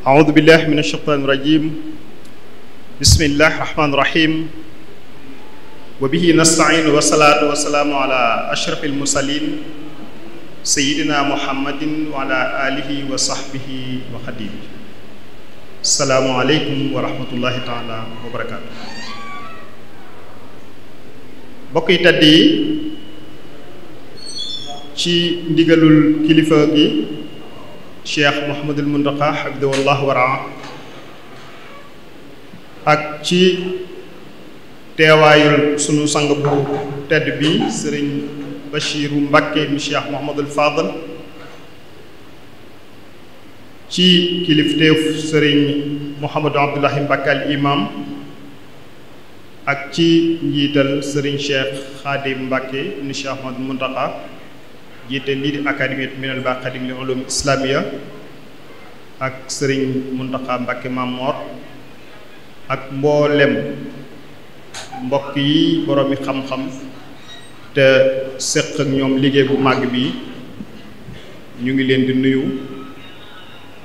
أعوذ بالله من الشيطان الرجيم بسم الله الرحمن الرحيم وبه نستعين والصلاة والسلام على أشرف المرسلين سيدنا محمد وعلى آله وصحبه وخديمه السلام عليكم ورحمة الله تعالى وبركاته bokk yi tedd yi ci ndigalul kilifa gi cheikh Mouhamadul Muntaqa xabdawallah waraa ak ci teewaayul sunu sang bu tedd bi sëriñ Bachiru Mbakke mu cheikh Mouhamadul Fadal ci kilifteef sëriñ Mouhamadou Abdullahi Mbakke al imam ak ci njiital sëriñ cheikh Xaadim Mbakke ni cheikh Mouhamadul Muntaqa jiite lii di académie minal baqadim li ulum islamiya ak sëriñ Muntaxa Mbàkke Mamoor ak mboolem mbokk yi boroomi xam-xam te séq ak ñoom liggéey bu màgg bi ñu ngi leen di nuyu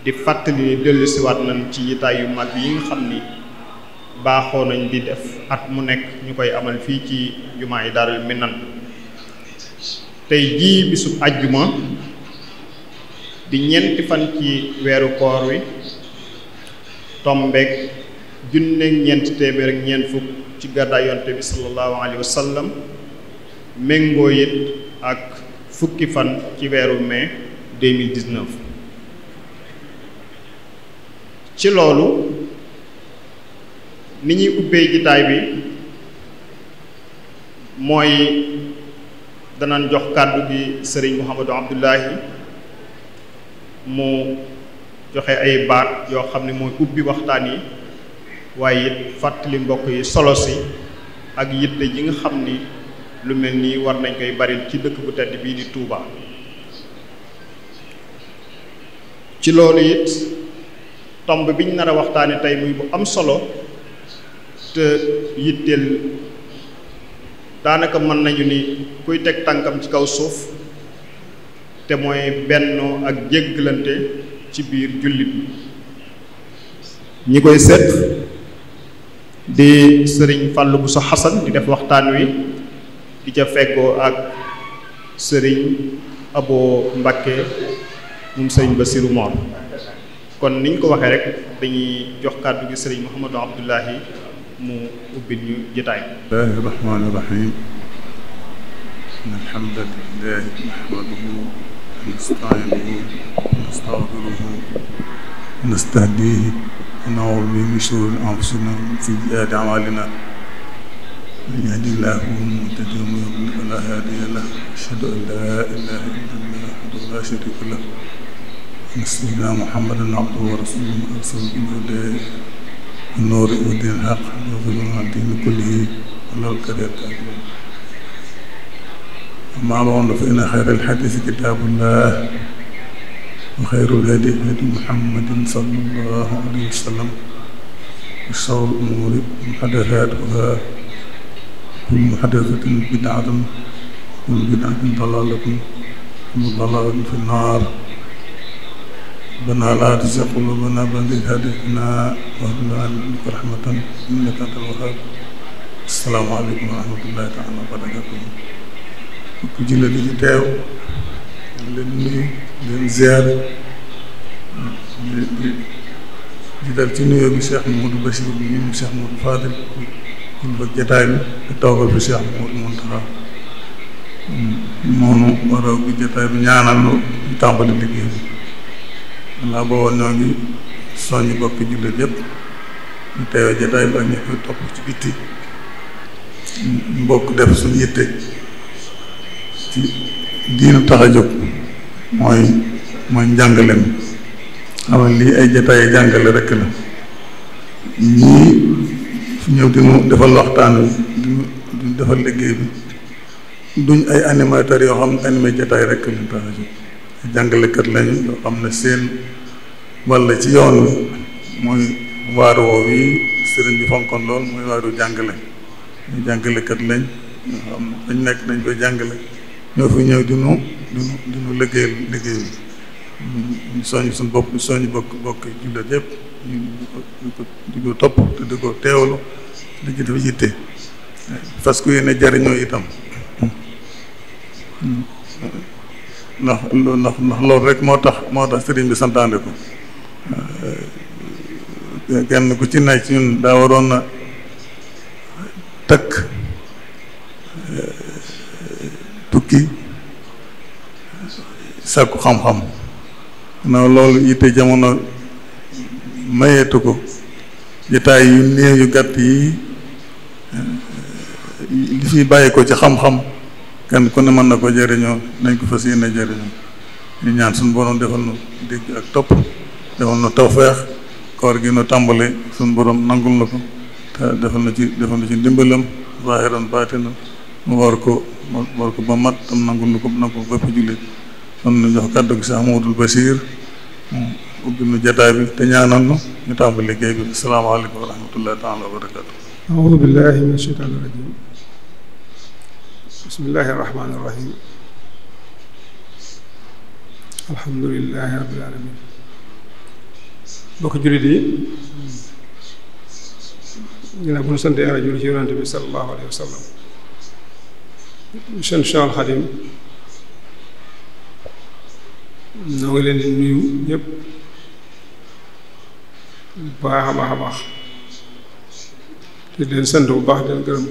di fàttali ni dellusiwaat nañ ci yitaay yu màgg yi nga xam ni baaxoo nañ di def at mu nekk ñu koy amal fii ci jumaa yi Daarul Minan tey jii bisub ajjuma di ñeenti fan ci weeru koor wi tombeek junne ñeenti téeméer ak ñeent fukk ci gàddaay yonte bi sallallahu alayhi wa méngoo it ak fukki fan ci weeru mai 2019 ci loolu ni ñuy ubbee jitaay bi mooy danañ jox kàddu gi sëriñ Mouhamadou Abdullahi mu joxe ay baat yoo xam ne mooy ubbi waxtaan yi waaye it fàttali mbokk yi solo si ak yitte ji nga xam ni lu mel nii war nañ koy bari ci dëkk bu tedd bii di Touba ci loolu it tomb biñ nar a waxtaane tey muy bu am solo te yitteel daanaka mën nañu ni kuy teg tànkam ci kaw suuf te mooy bennoo ak jéggalante ci biir jullit ñi koy seet di sëriñ Fallou Bousso Hassan di def waxtaan wi di ca feggoo ak sëriñ Abo Mbakke moom sëriñ Basiru Moor kon niñ ko waxee rek dañuy jox kàddu gi sëriñ Mouhamadou Abdullahi mu ubbil ñu jotaay bismillahi rahmaani rahim alhamdulillahi nahmaduhu wa nasta'inuhu wa nastaghfiruhu wa nastahdihi wa na'udhu bihi min shururi anfusina wa min sayyiati a'malina من يهد الله فهو المهتد ومن يضلل فلا هادي له أشهد أن لا إله إلا الله وحده لا شريك له ونسأل محمدا عبده ورسوله أرسله بالهدى nuur yi mu diin xaq ñoo ko ñëwaat di ñu kulli yi loolu kër yi ak maa ma woon dafa inna xayral xadiisi kitaabullah wa xayrul hadi hadi muhammadin sallallahu alayhi wa sallam wa sharrul umuuri muhdasaatuhaa kullu muhdasatin bid'atun kullu bid'atin dalaalatun kullu dalaalatin fi nnaar ربنا لا تزغ قلوبنا بعد إذ هديتنا وهب لنا من لدنك رحمة إنك أنت الوهاب السلام عليكم ورحمة الله تعالى وبركاته ku jullit di ci teew leen nuyu leen ziar di ci nuyoo bi Cheikh Mouhamadou Bachir bi ñu Cheikh Mouhamadou Fadil ñu bëgg jataay bi bi Cheikh Mouhamadou Mountakha moonu waraw bi bi ñaanal ñu tàmbali liggéey bi naa booba noo ngi soññ bokk jullit yépp ñu teewe jataay ba ñu koy topp ci bitti mbokk def suñu yitte ci diinu tax a jóg mooy mooy njàngaleem xamal lii ay jataay jàngale rekk la ñii fi ñëw di mu defal waxtaan wi di mu defal liggéey bi duñ ay animateur yoo xam ne animé jataay rekk lañ tax a jàngalekat lañu yoo xam na seen walla ci yoon wi mooy waaru woow yi sëriñ bi fonkoon lool mooy waaru jàngale ñu jàngalekat lañ ñoo xam dañ nekk dañ koy jàngale ñoo fi ñëw dinu dinu dinu liggéeyal liggéey bi ñu soññ suñu bopp ñu soññ bokk bokk jullit yëpp ñu di ko topp te di ko di dafa yitte fas ku jariñoo itam ndax ndax loolu rek moo tax moo tax sëriñ bi santaane ko eh, kenn ku ci nekk ci ñun daa waroon na takk eh, tukki sàkku xam-xam na loolu yitte jamono mayeetu ko jotaay yu néew yu gàtt yi li eh, fiy bàyyi ko ci xam-xam kenn ku ne mën na ko jëriñoo nañ ko fas yéene jëriñoo ñu ñaan suñu borom defal nu dégg ak topp defal nu tawfeex koor gi nu tàmbali suñ borom nangul na ko defal na ci defal na ci ndimbalam zaahiran baatinam mu war ko mu war ko ba mat tam nangul na ko na ko bépp jullit kon nu jox kàddu gi sax Amadou Basiir ubbi nu jataay bi te ñaanal nu ñu tàmbali liggéey bi asalaamaaleykum wa rahmatullahi taala wa barakatu aoudu billahi min shaytaani rajim bismillahi irrahmani irrahim alhamdulilahi rabbil alamin bokk jullit yi ginnaaw bu ñu sant yàlla julli ci yonante bi sallallahu alayhi wa sallam seen Cheikhul Xadim leen di nuyu ñëpp baax a baax a baax te leen sant bu baax di leen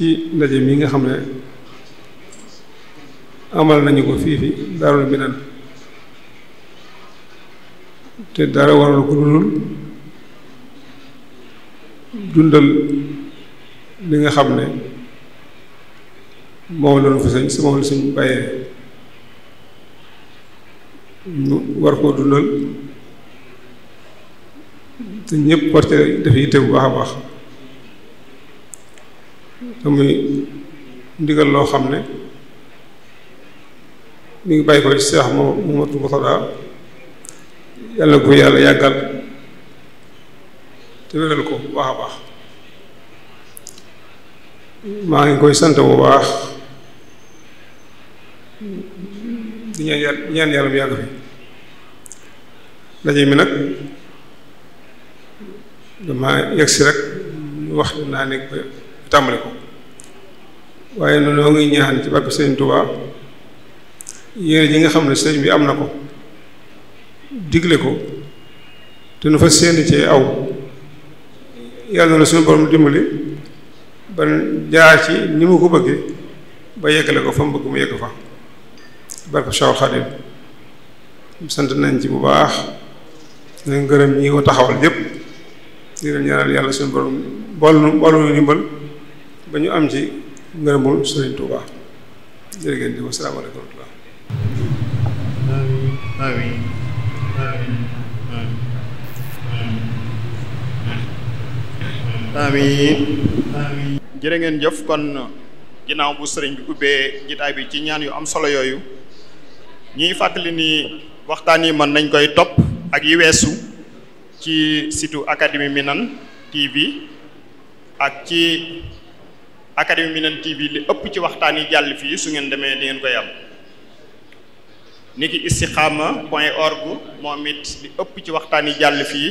ci ndaje mi nga xam ne amal nañu ko fii fi Daarul Minaan te dara waral ko dul dundal li nga xam ne moom la ñu fi sañ si moom la suñ bàyyee ñu war koo dundal te ñëpp war ca def yitte bu te muy ndigal loo xam ne mu ngi bàyyi ko ci seex mu Mamadu Murtadaa yàlla na ko yàlla yàggal te wéral ko bu baax a baax maa ngi koy sante bu baax di ñaan yàlla ñaan mu yàgg fi daje mi nag dama yegg si rek wax naa ne tàmbali ko waaye noonu ngi ñaan ci barke sëriñ Touba yére ji nga xam ne sëriñ bi am na ko digle ko te nu fa séen ci aw yàlla na suñu borom dimbali ba jaar ci ni mu ko bëggee ba yeggale ko fa mu bëgg mu yegg fa barke Cheikh Khadim sant nañ ci bu baax nañ gërëm ñi ko taxawal yépp di leen ñaanal yàlla suñu borom bool boolu ndimbal ba ñu am ci ngërëmul ngeen jëf kon ginnaaw bu sëriñ bi ubbee jitaay bi ci ñaan yu am solo yooyu ñuy fàttali ni waxtaan yi mën nañ koy topp ak yi weesu ci situ académie Minane TV ak ci. Académie Minane TV li ëpp ci waxtaan yi jàll fii su ngeen demee di ngeen koy am niki istiqama point org moom it li ëpp ci waxtaan yi jàll fii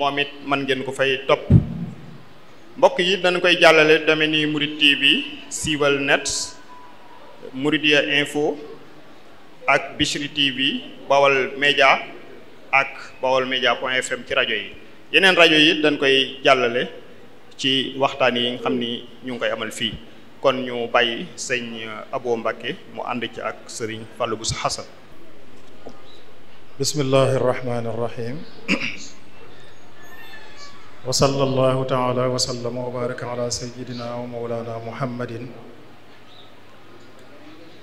moom it man ngeen ko fay topp mbokk yi dañ koy jàllale deme ni Murid TV siiwal net Mouridia info ak Bichri TV Bawal Média ak Bawal Média point fm ci rajo yi yeneen rajo yi dañ koy jàllale ci waxtaan yi nga xam ni ñu ngi koy amal fii kon ñu bàyyi sëñ Abo Mbacke mu ànd ci ak sëriñ Fallou Bousso Hassane bismillahi irrahmani irrahim wa sallallahu taala wa sallama wa baraka ala sayidina wa mawlana muhammadin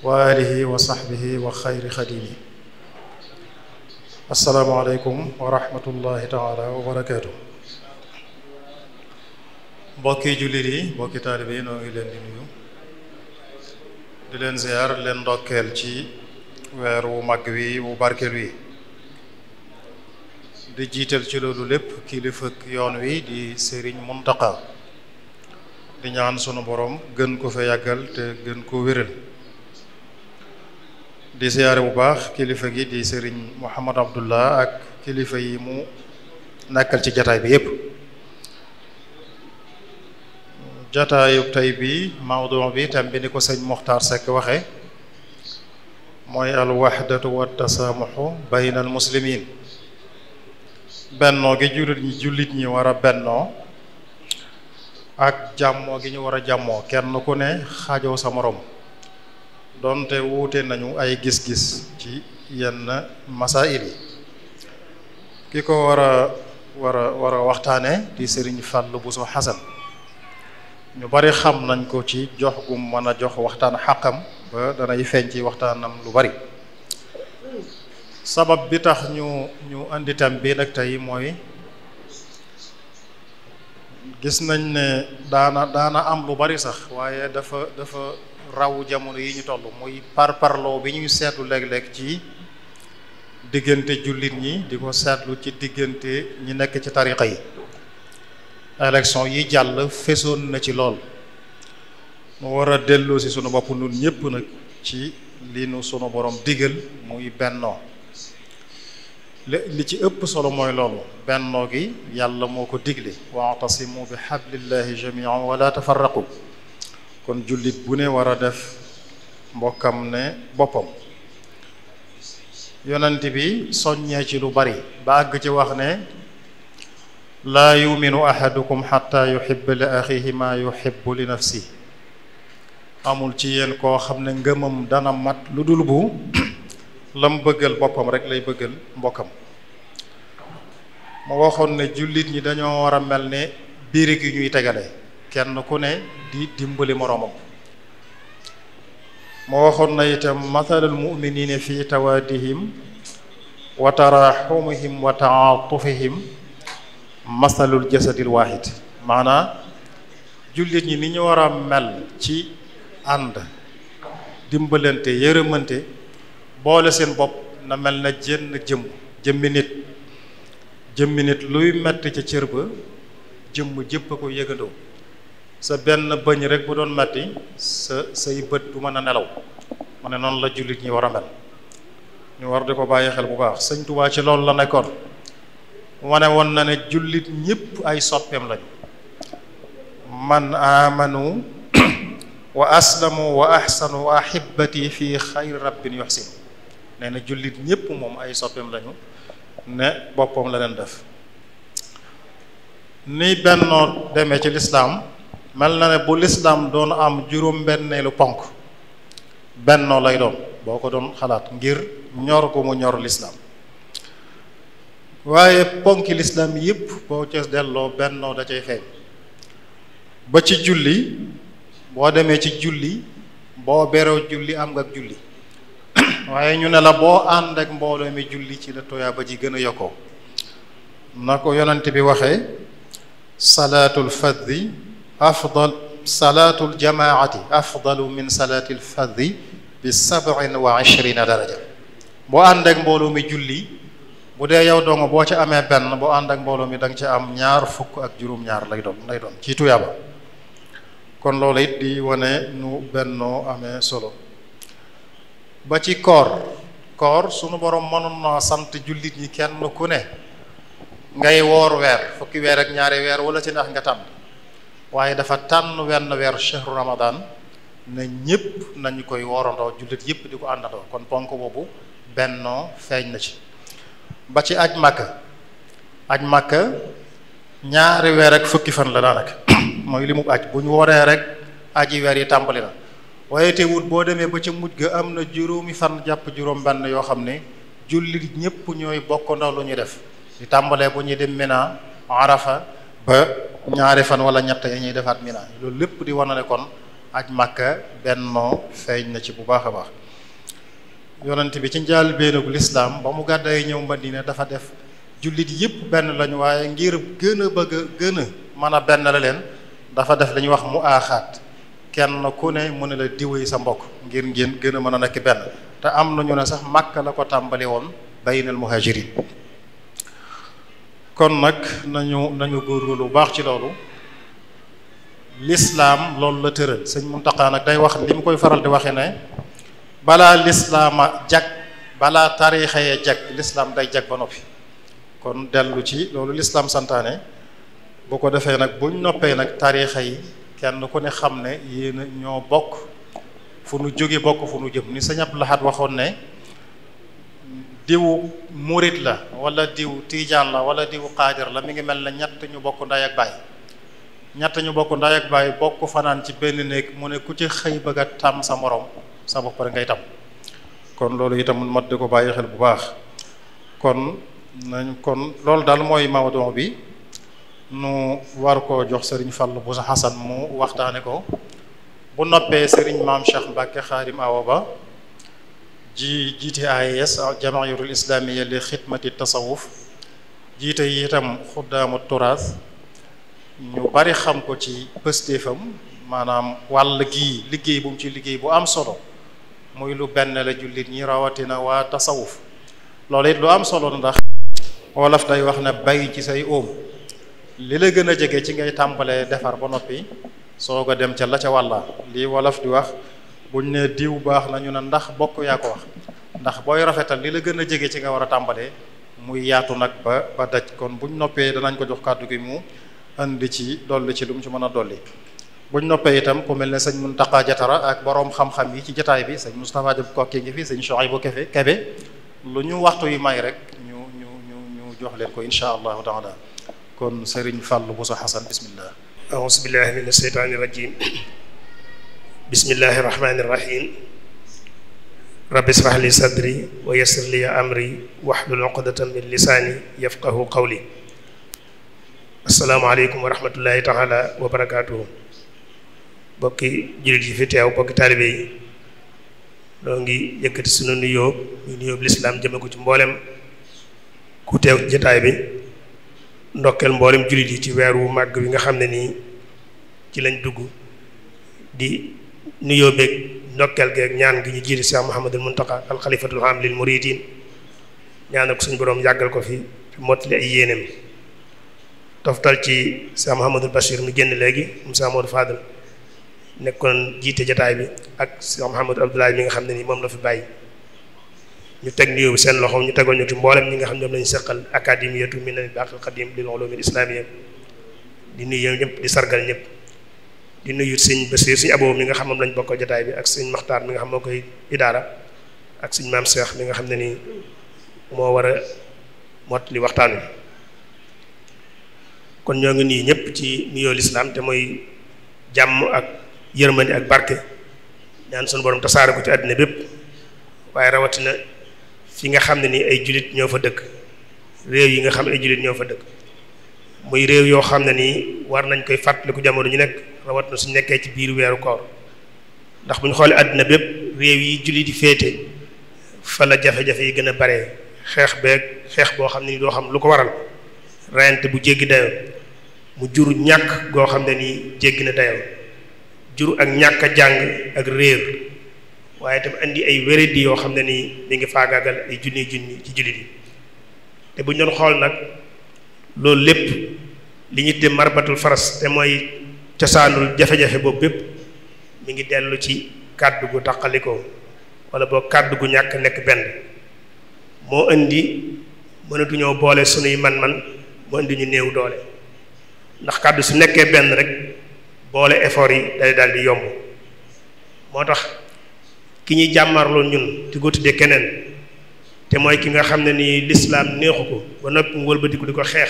wa alihi wa sahbihi wa xayri xadimi assalaamu aleykum wa rahmatullahi taala wa barakatuh mbokki jullit yi mbokki taalibe yi noo ngi leen di nuyu di leen ziar leen ndokkeel ci weer wu mag wi wu barkeel wi di jiital ci loolu lépp kilifa yoon wi di Serigne Mountakha di ñaan sunu boroom gën ko fa yàggal te gën ko wéral di ziare bu baax kilifa gi di sëriñ Mouhamad Abdullah ak kilifa yi mu nekkal ci jataay bi yépp jataayub tey bi mawdu bi tam bi ni ko sëñ Muxtaar Seck waxe mooy alwaxdatu wa tasaamuxu bayna almuslimin bennoo gi jullit ñi jullit war a bennoo ak jàmmoo gi ñu war a jàmmoo kenn ku ne xaajoo sa moroom donte wuute nañu ay gis-gis ci yenn masail yi ki ko war a waxtaane di sëriñ Fàllu Buso Xasan ñu bari xam nañ ko ci jox gu mën a jox waxtaan xàqam ba danay feeñ ci waxtaanam lu bari sabab bi tax ñu ñu indi thème bii nag tey mooy gis nañ ne daana daana am lu bari sax waaye dafa dafa raw jamono yi ñu toll muy par parloo bi ñuy seetlu léeg-léeg ci diggante jullit ñi di ko seetlu ci diggante ñi nekk ci tariqa yi élection yi jàll fesoon na ci lool mu war a delloo si sunu bopp nun ñëpp nag ci li nu sunu boroom digal muy bennoo li ci ëpp solo mooy loolu bennoo gi yàlla moo ko digle wa'tasimu bi hablillahi jami'an wa la tafarraqu kon jullit bu ne war a def mbokkam ne boppam yonent bi soññee ci lu bari ba àgg ci wax ne laa yuminu ahadukum xatta yuhibba li axihi maa li nafsi amul ci yéen koo xam ne ngëmam dana mat lu dul bu lam bëggal boppam rek lay bëggal mbokkam ma waxoon ne jullit ñi dañoo war a mel ne birig yu ñuy tegale kenn ku ne di dimbali moroomam ma waxoon na itam mathalul muminina fi tawaadihim wa taraxumihim wa taatufihim masalul jasadil waahid maanaa jullit ñi ni ñu war a mel ci ànd dimbalante yërëmante boole seen bopp na mel na jenn jëm jëmmi nit jëmmi nit luy metti ca cër ba jëmm jëpp a ko yëgandoo sa benn bëñ rek bu doon metti sa say bët du mën a nelaw ma ne noonu la jullit ñi war a mel ñu war di ko bàyyi xel bu baax sëñ Tuubaa ci loolu la nekkoon wane woon na ne jullit ñépp ay soppeem lañu man amanu wa aslamu wa ahsanu wa ahibbati fi xayri rabbin yuhsin nee na jullit ñépp moom ay soppeem lañu ne boppam la leen def ni bennoo demee ci lislaam mel na ne bu lislaam doon am juróom-benneelu ponk bennoo lay doon boo ko doon xalaat ngir ñor ko mu ñor lislaam waaye ponki lislaam yépp boo ca delloo bennoo da cay feeñ ba ci julli boo demee ci julli boo beroo julli am nga julli waaye ñu ne la boo ànd ak mbooloo mi julli ci la tuyaaba ji gën a yokkoo na ko yonent bi waxee salaatul faddi afdal salaatul jamaati afdalu min salaatil faddi bi sab'in wa daraja boo ànd ak mbooloo mi julli bu dee yow dong boo ci amee benn boo ànd ak mbooloo mi danga nga am ñaar fukk ak juróom-ñaar lay doom lay doon ci tuyaaba kon loolu it di wane nu bennoo amee solo ba ci koor koor sunu borom mënoon naa sant jullit yi kenn ku ne ngay woor weer fukki weer ak ñaari weer wala ci ndax nga tànn waaye dafa tànn wenn weer shahru ramadan ne ñëpp nañu koy woorandoo jullit yëpp di ko àndandoo kon ponk boobu bennoo feeñ na ci ba ci aj màkk aj màkk ñaari weer ak fukki fan la daanaka mooy li mu aj bu ñu wooree rek aji weer yi tàmbali na waaye wut boo demee ba ca mujj ga am na juróomi fan jàpp juróom benn yoo xam ne jullit ñépp ñooy bokk ndaw lu ñuy def di tàmbalee bu ñuy dem Mina Arafa ba ñaari fan wala ñett yi ñuy defaat Mina loolu lépp di wane ne kon aj benn bennoo feeñ na ci bu baax a baax yonent bi ci njaal beenagu lislaam ba mu gàddaay ñëw Madina dafa def jullit yépp benn lañu waaye ngir gën a bëgg a gën a a benn la leen dafa def lañuy wax mu aaxaat kenn ku ne mu ne la diwee sa mbokk ngir ngeen gën a mën a nekk benn te am na ñu ne sax Makka la ko tàmbali woon baynal muhajirin kon nag nañu nañu góorgóorlu bu baax ci loolu lislaam loolu la tëral sëñ Muntaxa nag day wax li mu koy faral di waxee ne balaa lislaama jag balaa tariixa yee jag lislaam day jag ba noppi kon dellu ci loolu lislaam santaane boo ko defee nag buñ noppee nag tariixa yi kenn ku ne xam ne yéen ñoo bokk fu nu jóge bokk fu nu jëm ni sa Abdou Lahad waxoon ne diw murit la wala diw tiijaan la wala diw xaajar la mi ngi mel na ñett ñu bokk nday ak baay ñett ñu bokk nday ak baay bokk fanaan ci benn néeg mu ne ku ci xëy bëgg a tàmm sa morom sa bopp ngay tam kon loolu itam mat di ko bàyyi xel bu baax kon nañ kon loolu daal mooy mawduu bi nu war ko jox sëriñ bu Bousso Hassane mu waxtaane ko bu noppee sëriñ maam Cheikh Mbacke Xaadim Awa Ba ji jiite AIS e jamaayatul islaamiya li xidmati tasawuf jiite itam xuddaamu turaas ñu bari xam ko ci pëstéefam maanaam wàll gii liggéey bu mu ci liggéey bu am solo muy lu benn la jullit ñi rawatina waa tasawuf loolu it lu am solo ndax wolof day wax na bàyyi ci say óom li la gën a jege ci ngay tàmbalee defar ba noppi soo ko dem ca la ca wàlla lii wolof di wax buñ ne diw baax nañu ne ndax bokk yaa ko wax ndax booy rafetal li la gën a jege ci nga war a tàmbalee muy yaatu nag ba ba daj kon buñ noppee danañ ko jox kàddu gi mu indi ci dolli ci lu mu ci mën a dolli buñ noppee itam ku mel ne sëñ Muntaqa Jatara ak boroom xam-xam yi ci jataay bi sëñ Moustapha Diop Kokki ngi fi sëñ Chouaïbou kefe Kebe lu ñu waxtu yi may rek ñu ñu ñu jox leen ko insha allahu taala kon sëriñ Fallou Bousso Hassane bismillah aouzu billahi min asheytaani rajim bismillahi rahmaani rahim rabbi israh li sadri wa yassir li amri min lisaani yafqahu qawli assalaamu aleykum wa rahmatullahi taala bokki jullit yi fi teew bokki taalibe yi loo ngi yëkkati sunu nuyoo ñu nuyoo bi lislaam jëme ko ci mboolem ku teew jataay bi ndokkeel mboolem jullit yi ci weer wu màgg wi nga xam ne nii ci lañ dugg di nuyoo beeg ndokkeel geeg ñaan gi ñu jiitu Cheikh Mouhamadul Muntaqa al xalifatul aam lil muridin ñaanal ko borom yàggal ko fi mottali ay yéeneem toftal ci Cheikh Mouhamadul Bachir mu génn léegi Moussa Modou Fadal nekkoon jiite jataay bi ak Cheikh Mouhamadou Abdoulaye mi nga xam ne nii moom la fi bàyyi ñu teg seen loxo ñu tegoon ñu ci mboolem nga xam ne ñoom lañu seqal académiyatu minal baqil qadim lil ulumil islamiyya di nuyu ñëpp di sargal ñëpp di nuyu sëñ Basiir mi nga xam moom bokk jataay bi ak sëñ Maxtaar mi nga xam moo koy idaara ak sëñ maam Cheikh mi nga xam ne ni moo wara a mottali waxtaan wi kon ñoo ngi nuyu ñëpp ci nuyoo lislaam te mooy jàmm ak. yërmande ak barke ñaan sunu borom tasaare ko ci àddina bépp waaye rawatina fi nga xam ne ni ay jullit ñoo fa dëkk réew yi nga xam ne ay jullit ñoo fa dëkk muy réew yoo xam ne nii war nañ koy fàttaliku jamono ñu nekk rawatina suñ nekkee ci biir weeru koor ndax bu ñu xoolee àddina bépp réew yi jullit yi féete fa la jafe-jafe yi gën a bare xeex beeg xeex boo xam ne ni doo xam lu ko waral rayante bu jéggi dayoo mu jur ñàkk goo xam ne nii jéggi na dayoo jur ak ñàkk a jàng ak réer waaye tam andi ay wéradi yoo xam ne nii mi ngi faagaagal ay junni junni ci jullit yi te bu ñu xool nag loolu lépp li ñu te marbatul faras te mooy cosaanul jafe-jafe boobu bépp mu ngi dellu ci kàddu gu taqalikoo wala boo kàddu gu ñàkk nekk benn moo indi mënatuñoo boole sunuy man-man moo indi ñu néew doole ndax kàddu su nekkee benn rek boole effort yi day daal di yomb moo tax ki ñuy jàmmarloo ñun di ko tuddee keneen te mooy ki nga xam ne nii lislaam neexu ko ba noppi mu wëlbatiku di ko xeex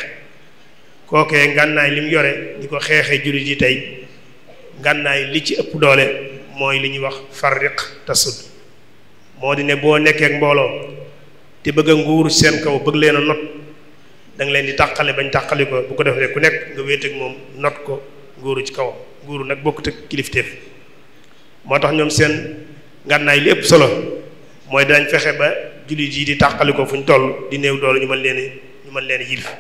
kookee ngànnaay li mu yore di ko xeexee jullit yi tey ngànnaay li ci ëpp doole mooy li ñuy wax te tasud moo di ne boo nekkee ak mbooloo te bëgg a nguur seen kaw bëgg leen a not da leen di taqale bañ tàqali ko bu ko defee ku nekk nga wéet moom not ko nguuru ci kaw nguuru nag bokkut ak kilifteef moo tax ñoom seen ngànnaay li ëpp solo mooy dañ fexe ba jullit yi di tàqali ko fu ñu toll di néew dool ñu mën leen ñu mën leen yilif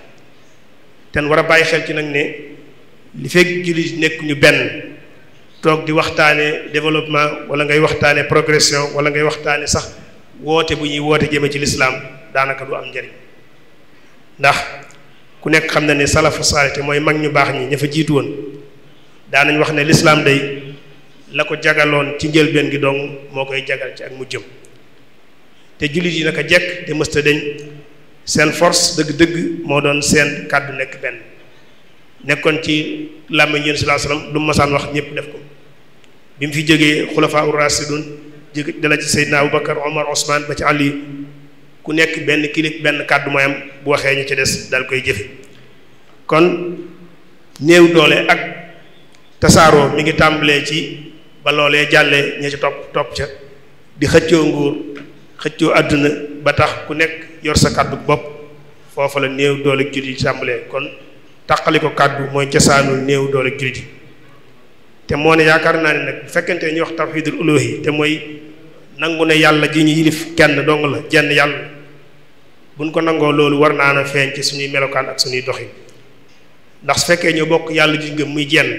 ten war a bàyyi xel ci nag ni li fekk jullit nekk ñu benn toog di waxtaane développement wala ngay waxtaane progression wala ngay waxtaane sax woote bu ñuy woote jëme ci lislaam daanaka du am njariñ ndax ku nekk xam na ne salafu saalite mooy mag ñu baax ñi ña fa jiitu woon daanañ wax ne lislaam day la ko jagaloon ci njëlbeen gi dong moo koy jagal ci ak mu jëm te jullit yi naka jekk te mësta deñ seen force dëgg-dëgg moo doon seen kàddu nekk benn nekkoon ci làmmiñ yéen sallallahu alayhi wasallam lu mu masaan wax ñëpp def ko bi mu fi jógee xulafaa ur rasidun jóge dala ci Seydina Aboubacar Omar Ousmane ba ci Ali ku nekk benn kilif benn kàddu mooy am bu waxee ñu ci des dal koy jëfe kon néew doole ak tasaaroo mi ngi tàmbalee ci ba loolee jàllee ña ci topp topp ca di xëccoo nguur xëccoo àdduna ba tax ku nekk yor sa kàddu bopp foofa la néew doole jullit yi kon taqali ko kàddu mooy cosaanu néew doole jullit te moo ne yaakaar naa ne nag bu fekkente ñuy wax tawxiidul uluhi te mooy nangu ne yàlla ji ñu kenn dong la jenn yàlla buñ ko nangoo loolu war naa na suñuy melokaan suñuy doxi ndax fekkee ñoo bokk yàlla ji ngëm muy jenn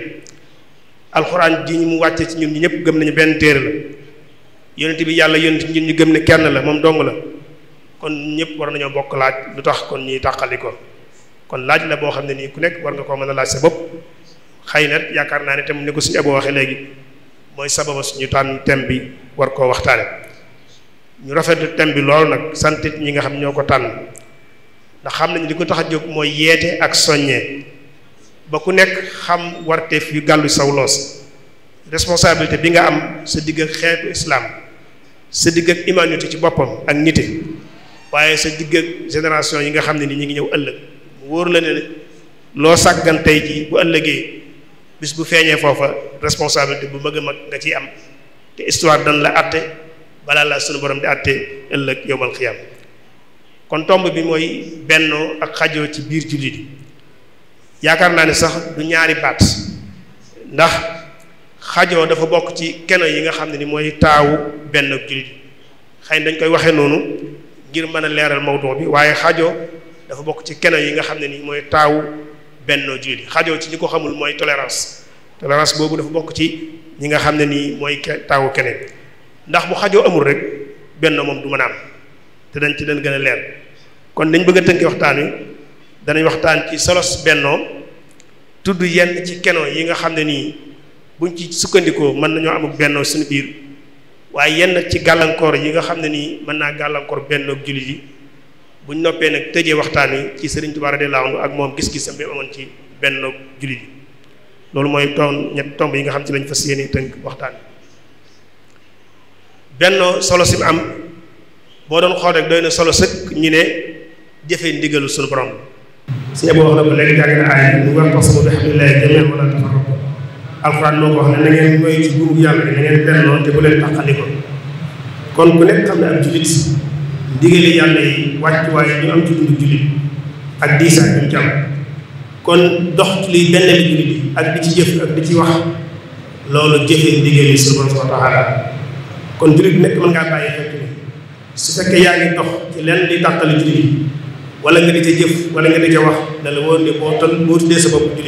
alxuraan ji ñu mu wàccee ci ñun ñi ñëpp gëm nañu benn téere la yonent bi yàlla yonent ñun ñu gëm ne kenn la moom dong la kon ñëpp war nañoo bokk laaj lu tax kon ñuy taqali ko kon laaj la boo xam ne nii ku nekk war nga koo mën a laaj sa bopp xëy na yaakaar naa ne tam ni ko suñu aboo waxee léegi mooy sababa suñu tànn thème bi war koo waxtaane ñu rafet thème bi loolu nag santit ñi nga xam ñoo ko tànn ndax xam nañu di ko tax a jóg mooy yeete ak soññee ba ku nekk xam warteef yu gàllu saw loos responsabilité bi nga am sa digg ak xeetu islaam sa digg ak humanité ci boppam ak nite waaye sa digg ak génération yi nga xam ne ni ñu ngi ñëw ëllëg mu wóor la ne loo sàggan tey jii bu ëllëgee bis bu feeñee foofa responsabilité bu mag a mag nga ciy am te histoire dañ la àtte balaa la sunu borom di àtte ëllëg yowmal xiyaam kon tomb bi mooy bennoo ak xajoo ci biir jullit yi yaakaar naa ne sax du ñaari baat ndax xajoo dafa bokk ci keno yi nga xam ne ni mooy taawu benn jullit xëy dañ koy waxee noonu ngir mën a leeral mawdu bi waaye xajoo dafa bokk ci keno yi nga xam ne ni mooy taawu benn jullit xajoo ci ñi ko xamul mooy tolerance tolérance boobu dafa bokk ci ñi nga xam ne nii mooy taawu keneen ndax bu xajoo amul rek benn moom du mën a am te dañ ci dañ gën a leer kon dañ bëgg a tënki waxtaan wi danañ waxtaan ci solos bennoo tudd yenn ci keno yi nga xam ne nii buñ ci sukkandikoo mën nañoo amuk bennoo suñu biir waaye yenn ci gàllankoor yi nga xam ne nii mën naa gàllankoor bennoo ak jullit yi buñ noppee nag tëjee waxtaan wi ci Sëriñ Tuubaa radiyallaahu anhu ak moom gis-gisam bi amoon ci bennoo ak loolu mooy toon ñett tomb yi nga xam ci lañ fas yéene tënk waxtaan bennoo solo si am boo doon xool rek doy na solo sëkk ñu ne jëfee ndigalu suñu borom suñu boo wax na ko léegi jàng na aay mu war parce que bi hamdulillahi jamii'an wala tafarraqu alxuraan moo ko wax ne na ngeen mooy ci buubu yàlla bi na ngeen bennoo te bu leen tàqali ko kon ku nekk xam ne ab jullit ndigali yàlla yi wàccuwaay ñu am ci dundu jullit ak diisaay ci am dox ci liy benn li jullit ak di ci jëf wax loolu jëfee ndigal yi suñu borom subhanahu wa taala kon jullit nekk mën ngaa bàyyi fekk su fekkee yaa ngi dox ci lenn di tàqali jullit wala nga di ca jëf wala nga di ca wax da la woon boo toll boo tuddee sa mooy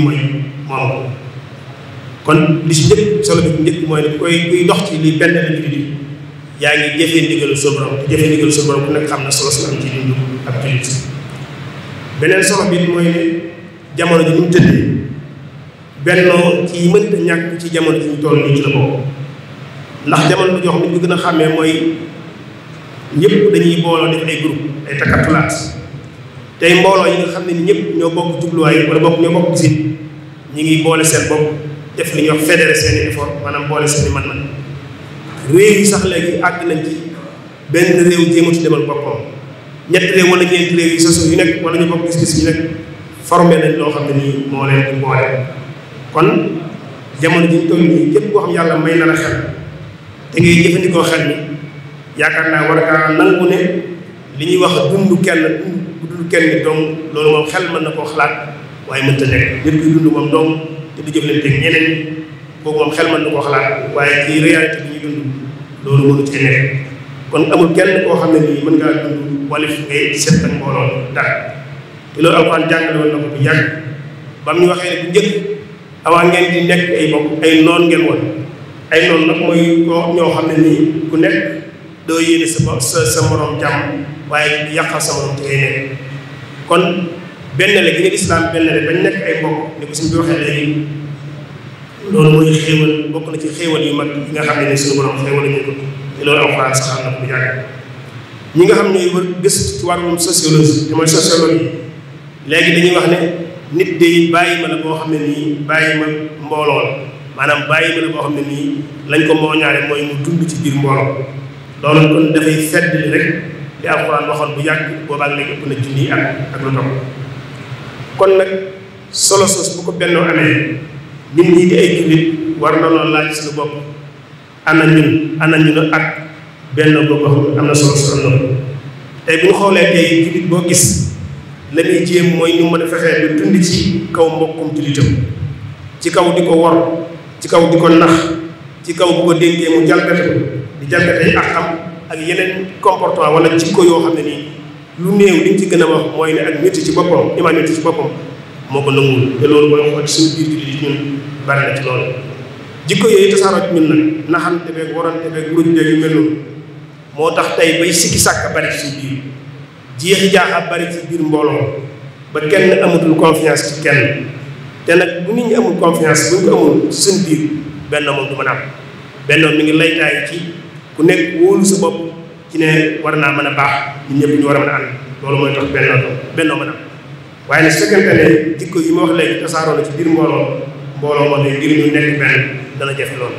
moom ko kon li si njëkk solo bi njëkk mooy ne koy kuy dox ci li benn la jullit yi yaa ngi jëfee ndigalu sa borom xam na solo si am ci dund ak beneen solo bi mooy jamono ji ñu tëddee bennoo ci mënta ñàkk ci jamono ji ñu toll nii ndax jamono bi jox nit ñu gën a xàmmee mooy ñëpp dañuy booloo def ay groupe ay takkatulaat tey mbooloo yi nga xam ne ñëpp ñoo bokk jubluwaay wala bokk ñoo bokk gisin ñi ngi boole seen bopp def li ñuy wax fédéré seen effort maanaam boole seen man-man réew sax léegi àgg nañ ci benn réew jéematu demal boppam ñett réew wala ñeenti réew yi sosu yu nekk ñu bokk gis-gis yu nekk formé xam ne nii moo leen kon jamono ji ñu nii képp koo xam yàlla may na la xel te ngay jëfandikoo xel mi yaakaar naa war a nangu ne li ñuy wax dund kenn dund kenn dong loolu moom xel mën na koo xalaat waaye mënta nekk nit ki dund moom dong te du jëflante ak ñeneen kooku xel mën na koo xalaat waaye ci réalité loolu mënu ci nekk kon amul kenn koo xam ne nii mën ngaa dund walif ngay seet ak mbooloo dara te loolu alxuraan jàngale woon na ko bu yàgg ñoo xam ne nii ku nekk doo yéene sa sa jàmm waaye du yàqal sa morom te ngay nekk kon benn la gi lislaam benn la bañ nekk ay mbokk ni ko suñu ci xéewal yu mag yi nga xam xam na ko bu yàgg ñi léegi dañuy wax ne nit day ma boo xam ne nii mbooloo maanaam bàyyi ma la boo xam lañ ko mooñaale mooy mu dund ci biir mbooloo loolu kon dafay sedd li rek li alxuraan waxoon bu yàgg boobaag léegi ëpp na junni ak ak lu topp kon nag solo sos bu ko bennoo amee nit ñi di ay jullit war na loolu laaj suñu bopp ana ñun ana ñun ak benn boobu wax am na solo solo loolu tey bu ñu xoolee tey jullit boo gis la muy jéem mooy ñu mën a fexee lu tund ci kaw mbokkum jullitam ci kaw di ko wor ci kaw di ko nax ci kaw bu ko dénkee mu jalgate di jalgate yi ak xam ak yeneen comportement wala jikko yoo xam ne nii lu néew li ci gën a wax mooy ne ak métti ci boppam imaam métti ci boppam moo ko nanguwul te loolu booy xool suñu biir jikko yooyu tasaaroo ci ñun nag naxante moo tax tey bay sikki sàkk bari ci suñu biir jeexi a bari ci biir mbooloo ba kenn amatul confiance ci kenn te nag bu nit ñi amul confiance bu ñu ko amul suñu biir bennoo moom du mën a am bennoo mi ngi laytaay ci ku nekk wóolu sa bopp ci ne war naa mën a baax ñun ñëpp ñu war a mën a ànd loolu mooy tax bennoo bennoo mën a am waaye nag su ne jikko yi ma wax léegi tasaaroo la ci biir mbooloo mbooloo moo ne ngir ñu nekk benn dana jafe loolu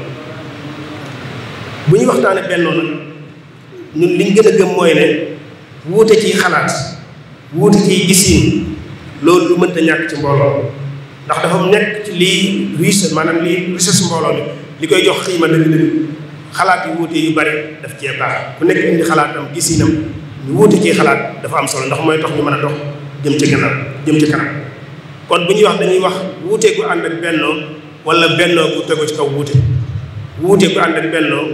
bu ñuy waxtaanee bennoo nag ñun liñ gën a gëm mooy ne wuute ci xalaat wuute ci gisiin loolu lu mënta ñàkk ci mbooloo ndax dafa nekk ci lii riche maanaam lii richesse mbooloo mi li koy jox xiima dëgg dëgg xalaat yu wuute yu bari daf cee ku nekk indi xalaatam gisinam ñu wuute ci xalaat dafa am solo ndax mooy tax ñu mën a dox jëm ci gannaaw jëm ci kanam kon bu ñuy wax dañuy wax wuute gu ànd ak bennoo wala bennoo gu tegu ci kaw wuute wuute gu ànd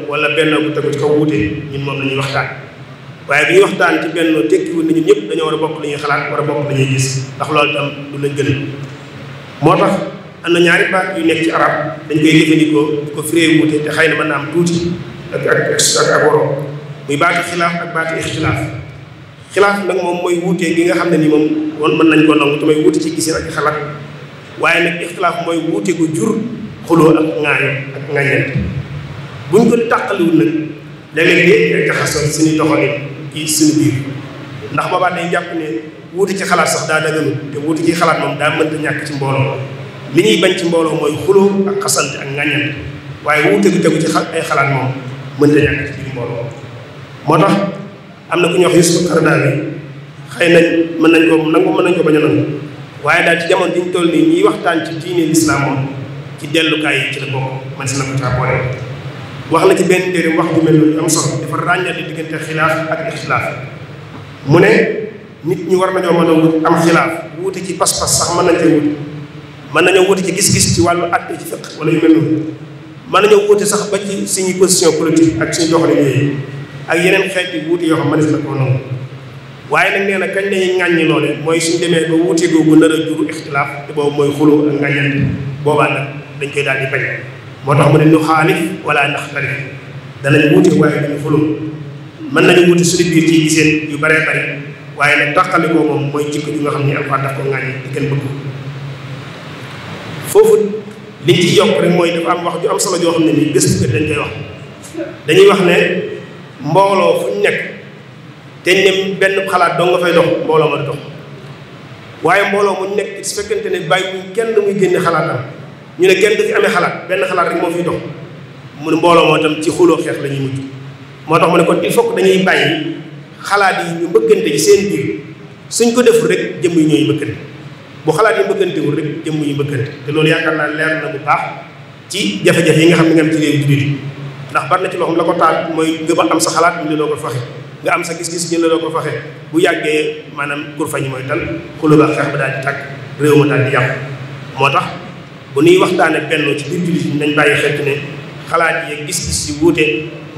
wala bennoo gu tegu ci kaw wuute ñun ñuy waxtaan waaye bu ñuy waxtaan ci bennoo tekkiwul ni ñun a bokk li ñuy xalaat war a bokk li gis ndax loolu tam du lañ gën moo tax am na ñaari baat yu nekk ci arab dañ koy jëfandikoo di ko firee wuute te xëy na mën na am tuuti ak ak ak ak woroom muy xilaaf ak baatu ixtilaaf xilaaf nag moom mooy wuute gi nga xam ne ni moom woon mën nañ ko nangu te mooy wuute ci gisee ak xalaat waaye nag ixtilaaf mooy wuute gu jur xuloo ak ŋaayo ak ŋañeent buñ ko tàqaliwul nag léeg-léeg day jaxasoo suñu doxalin ci suñu biir ndax boobaa day jàpp ne wuute ci xalaat sax daa daganu te wuute ci xalaat moom daa mënta ñàkk ci mbooloo li ñuy bañ ci mbooloo mooy xuloo ak xasante ak ŋàññante waaye wuute bi tegu ci ay xalaat moom mën ñàkk ci biir moo tax am na ku ñuy wax Yusuf Qaradawi xëy nañ mën nañ ko nangu mën nañ ko bañ a nangu waaye daal ci jamono diñ toll nii ñuy waxtaan ci diine lislaam moom ci dellukaay yi ci la bokk man si na ko caa wax na ci benn téere wax ju mel lu am solo dafa ràññale diggante xilaaf ak ixtilaaf mu ne nit ñi war nañoo mën a wut am xilaaf wuute ci pas-pas sax mën nañ cee wuute mën nañoo wuute ci gis-gis ci wàllu àtte ci fiq wala yu mel noonu mën nañoo sax ba ci suñuy position politique ak ak yeneen xeet yi wuute yoo xam mënees na koo waaye nag nee na kañ lañuy ŋàññi loole mooy suñu demee ba wuute googu nar a mooy xuloo ak ŋàññante boobaa dañ koy daal di bañ moo tax mu ne nu xaalif wala naxtalif danañ wuute waaye duñu xuloo mën nañu wuute suñu biir ci giseen yu baree bari waaye nag tàqalikoo moom mooy jikko bi nga xam ne alxuraan daf ko ŋàññi di gën bëgg foofu li ci yokk rek mooy dafa am wax ju am solo joo xam ne nii bés bu dañuy wax ne mbooloo nekk te ñem benn xalaat doo nga mbooloo ma di waaye mbooloo mu nekk su ne bàyyi kenn muy génn xalaatam ñu ne kenn du fi amee xalaat benn xalaat rek moo fiy dox mu mbooloo moo tam ci xuloo xeex la ñuy mujj moo tax mu ne kon il faut dañuy bàyyi xalaat yi ñu mbëkkante ci seen biir suñ ko deful rek jëmm yi ñooy mbëkkante bu xalaat yi mbëkkantewul rek jëmm yi mbëkkante te loolu yaakaar naa leer na bu baax ci jafe-jafe yi nga xam ne nga am ndax bari na ci loo xam la ko taal mooy nga ba am sa xalaat ñu ne loo ko faxe nga am sa gis-gis ñu ne loo ko bu yàggee maanaam kurfa ñi mooy tal xulóo ba xeex ba daal di réew ma daal di yàqu moo tax bu ñuy waxtaane benn ci biir yi nañ bàyyi xel ne xalaat yi gis-gis yu wuute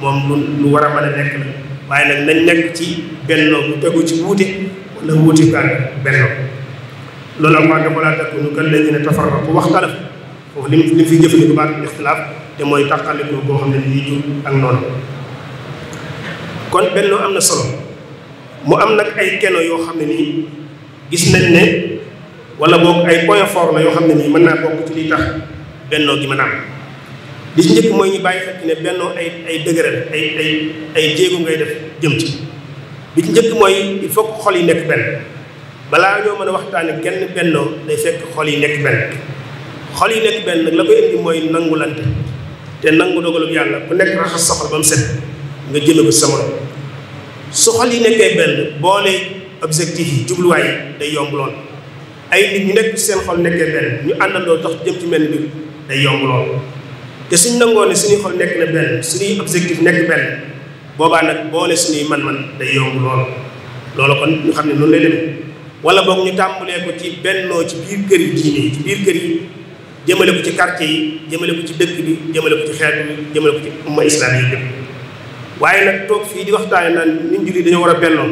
moom lu war a mën a nekk la waaye nag nañ nekk ci bennoo bu tegu ci wuute wala wuute kaa bennoo loolu ak waa dafa laa takkuñu kan lañu ne tafarraqu waxtalaf foofu lim lim fi jëfandiku baat ixtilaaf te mooy tàqaliku boo xam ne nii jur ak noonu kon bennoo am na solo mu am nag ay keno yoo xam ne nii gis nañ ne wala boog ay point fort la yoo xam ne nii mën naa bokk ci liy tax bennoo gi mën a li ci njëkk mooy ñu bàyyi xel ne bennoo ay ay dëgëral ay ay ay jéego ngay def jëm ci bi ci njëkk mooy il faut xol yi nekk benn balaa ñoo mën a waxtaane kenn bennoo day fekk xol yi nekk benn xol yi nekk benn nag la mooy nangulante te nangu dogalub yàlla ku nekk raxas sa nga jële ko yi nekkee benn boole objectif yi jubluwaay day yomb ay nit ñu nekk seen xol nekkee benn ñu àndandoo dox jëm ci mel bi day yomb te suñ nangoo ne suñuy xol nekk na benn suñuy objectif nekk benn boobaa nag boole suñuy man-man day yomb lool loolu kon ñu xam ne noonu lay demee wala boog ñu tàmbalee ko ci bennoo ci biir kër yi diine ci biir kër yi jëmale ko ci quartier yi jëmale ko ci dëkk bi jëmale ko ci xeet bi jëmale ko ci umma islam yi yëpp waaye nag toog fii di waxtaane naan nit jullit dañoo war a bennoo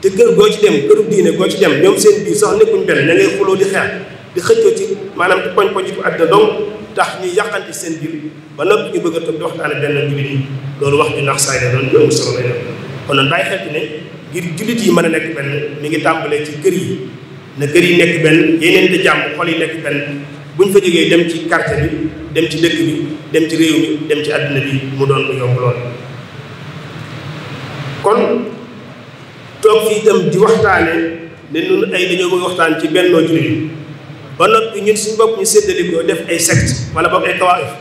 te kër goo ci dem këru diine goo ci dem ñoom seen biir sax nekkuñ benn ña ngay xuloo di xeex di xëccoo ci maanaam ci poñ poñ ci àddina tax ñu yàqante seen biir ba noppi ñu bëgg a toog di waxtaane benn jullit yi loolu wax ñu nax saay la doon loolu solo ngir jullit yi mën a nekk benn mi ngi tàmbalee ci kër yi na kër yi nekk benn yeneen di jàmm xol yi nekk benn dem ci quartier bi dem ci dëkk dem ci réew dem ci àddina bi mu doon lu yomb lool kon toog fii di waxtaane ne ñun ay dañoo bëgg waxtaan ci bennoo jullit yi ba noppi ñun suñu bopp ñu séddale def ay secte wala boog ay tawaayif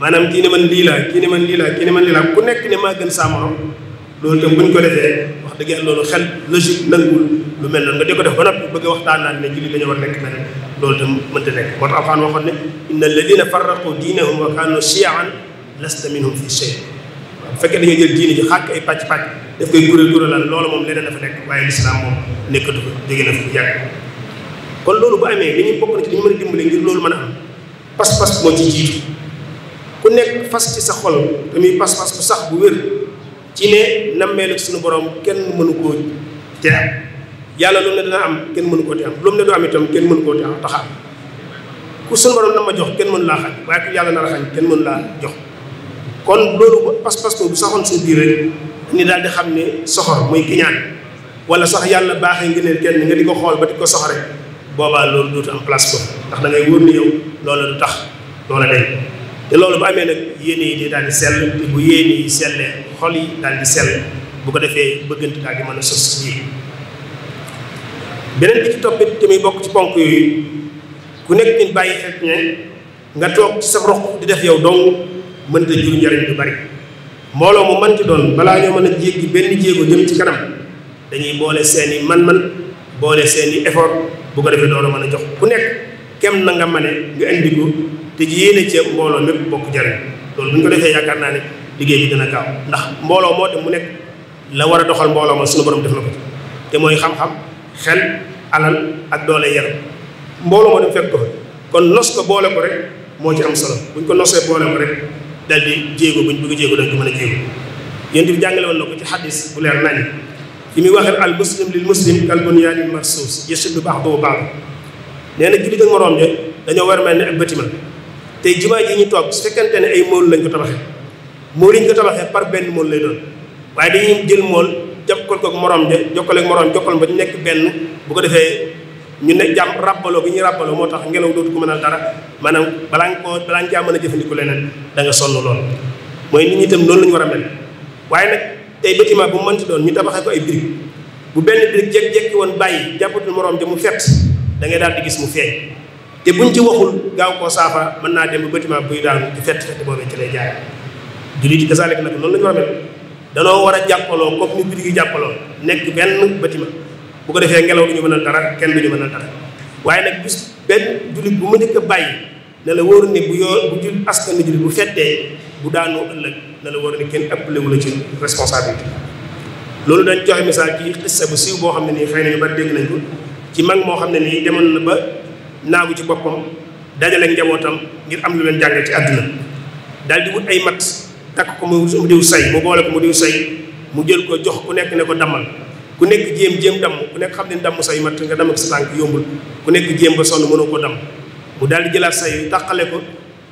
maanaam kii ne man lii laa kii ne man lii laa kii ne man lii laa ku nekk ne maa gën saa morom loolu itam bu ñu ko defee wax dëgg yàlla loolu xel logique lu mel noonu nga di ko def ba noppi bëgg a waxtaan naan ne julli dañoo war nekk na loolu itam mënta nekk moo tax Alxuraan waxoon ne inna alladina farraqu diinahum wa kaanu shiyan lasta minhum fi shay bu fekkee dañoo jël diine ji xàkk ay pàcc-pàcc def koy kuréel kuréel lan loolu moom leneen dafa nekk waaye lislaam moom nekkatu ko jóge na fi yàgg kon loolu bu amee li ñuy bokk na ci li ñu mën a dimbale ngir loolu mën a am pas-pas moo ci jiitu ku nekk fas ci sa xol te muy pas-pas bu sax bu wér ci ne nammeel ak suñu borom kenn mënu koo te am yàlla am kenn mënu koo te am lu ne du am koo te am taxaw na ma jox kenn mënu laa xañ waaye ku yàlla nar a xañ kenn mënu jox kon loolu pas-pas boobu bu saxoon suñu biir rek ni daal di xam ne soxor muy kiñaan wala sax yàlla baaxee ngi ne kenn nga di ko xool ba di ko soxore boobaa loolu dootu am place ko ndax da ngay wóor ni yow loola du tax loola te loolu bu amee nag yéene yi di daal di sell te bu yéene yi sellee xol yi daal di sell bu ko defee bëggante daal di mën a sos beneen bi ci toppit te muy bokk ku nekk bàyyi nga toog ci di def yow dong mënta jur njariñ bari mbooloo mu mënti doon balaa ñoo mën a jéggi benn jéego jëm ci kanam dañuy boole seeni man-man boole seeni effort bu ko defee doora mën a jox ku nekk kem na nga mane nga indi ko te ji yéene ci mbooloo mépp bokk jariñ loolu bu ñu defee yaakaar naa ne liggéey bi dina gaaw ndax mbooloo moo dem mu nekk la war a doxal mbooloo ma suñu borom def na ko te mooy xam-xam xel alal ak doole yaram mbooloo moo dem fekk ko kon nos ko boole ko rek moo ci am solo bu ko nosee boole ko rek dal di jéego buñ ñu bëgg jéego dañ ko mën a jéego yéen bi jàngale woon na ko ci xaddis bu leer nañ li muy waxee al muslim lil muslim kal bunyaanil marsuus yashuddu ba'duhu na jullit dañoo war a mel ne ak bâtiment tey jumaa ji ñu toog su fekkente ne ay mool lañ ko tabaxee mool yi ñu ko tabaxee par benn mool lay doon waaye dañuy jël mool jokkal ko ak moroom ja jokkal ak moroom jokkal ba nekk benn bu ko defee ñu ne jàmm ràbbaloo gi ñuy ràbbaloo moo tax ngelaw dootu ko mënal dara maanaam balaa nga koo balaa nga mën a jëfandiku leneen da nga sonn lool mooy nit ñi itam war a mel waaye nag. tey bâtiment bu mu mënti doon ñu tabaxee ko ay brique bu benn brique jékki-jékki woon bàyyi jàppatul moroom ja mu fett da ngay daal di gis mu feeñ te buñ ci waxul gaaw koo saafara mën naa dem ba bâtiment buy daanu di fett fett boobee ci lay jaay jullit yi kasaalek nag noonu la ñu war a mel war a jàppaloo comme ni brique yi jàppaloo nekk benn bâtiment bu ko defee ngelaw lu ñu a dara kenn du ñu mënal dara waaye nag bis benn jullit bu ma njëkk a bàyyi ne la wóoru ne bu yoo bu jul askan jullit bu fettee bu daanoo ëllëg na la war a ne kenn appelé wu la ci responsabilité loolu dañ joxe misaal ci xissa bu siiw boo xam ne nii xëy na ñu bari dégg nañ ko ci mag moo xam ne nii demoon na ba naagu ci boppam dajale njabootam ngir am lu leen jàngal ci àdduna daal di wut ay mat takk ko mu diw say mu boole ko mu diw say mu jël ko jox ku nekk ne ko dammal ku nekk jéem jéem damm ku nekk xam ne damm say mat nga dem ak sa tànk yombul ku nekk jéem ba sonn mënoo ko damm mu daal di jëlaat say tàqale ko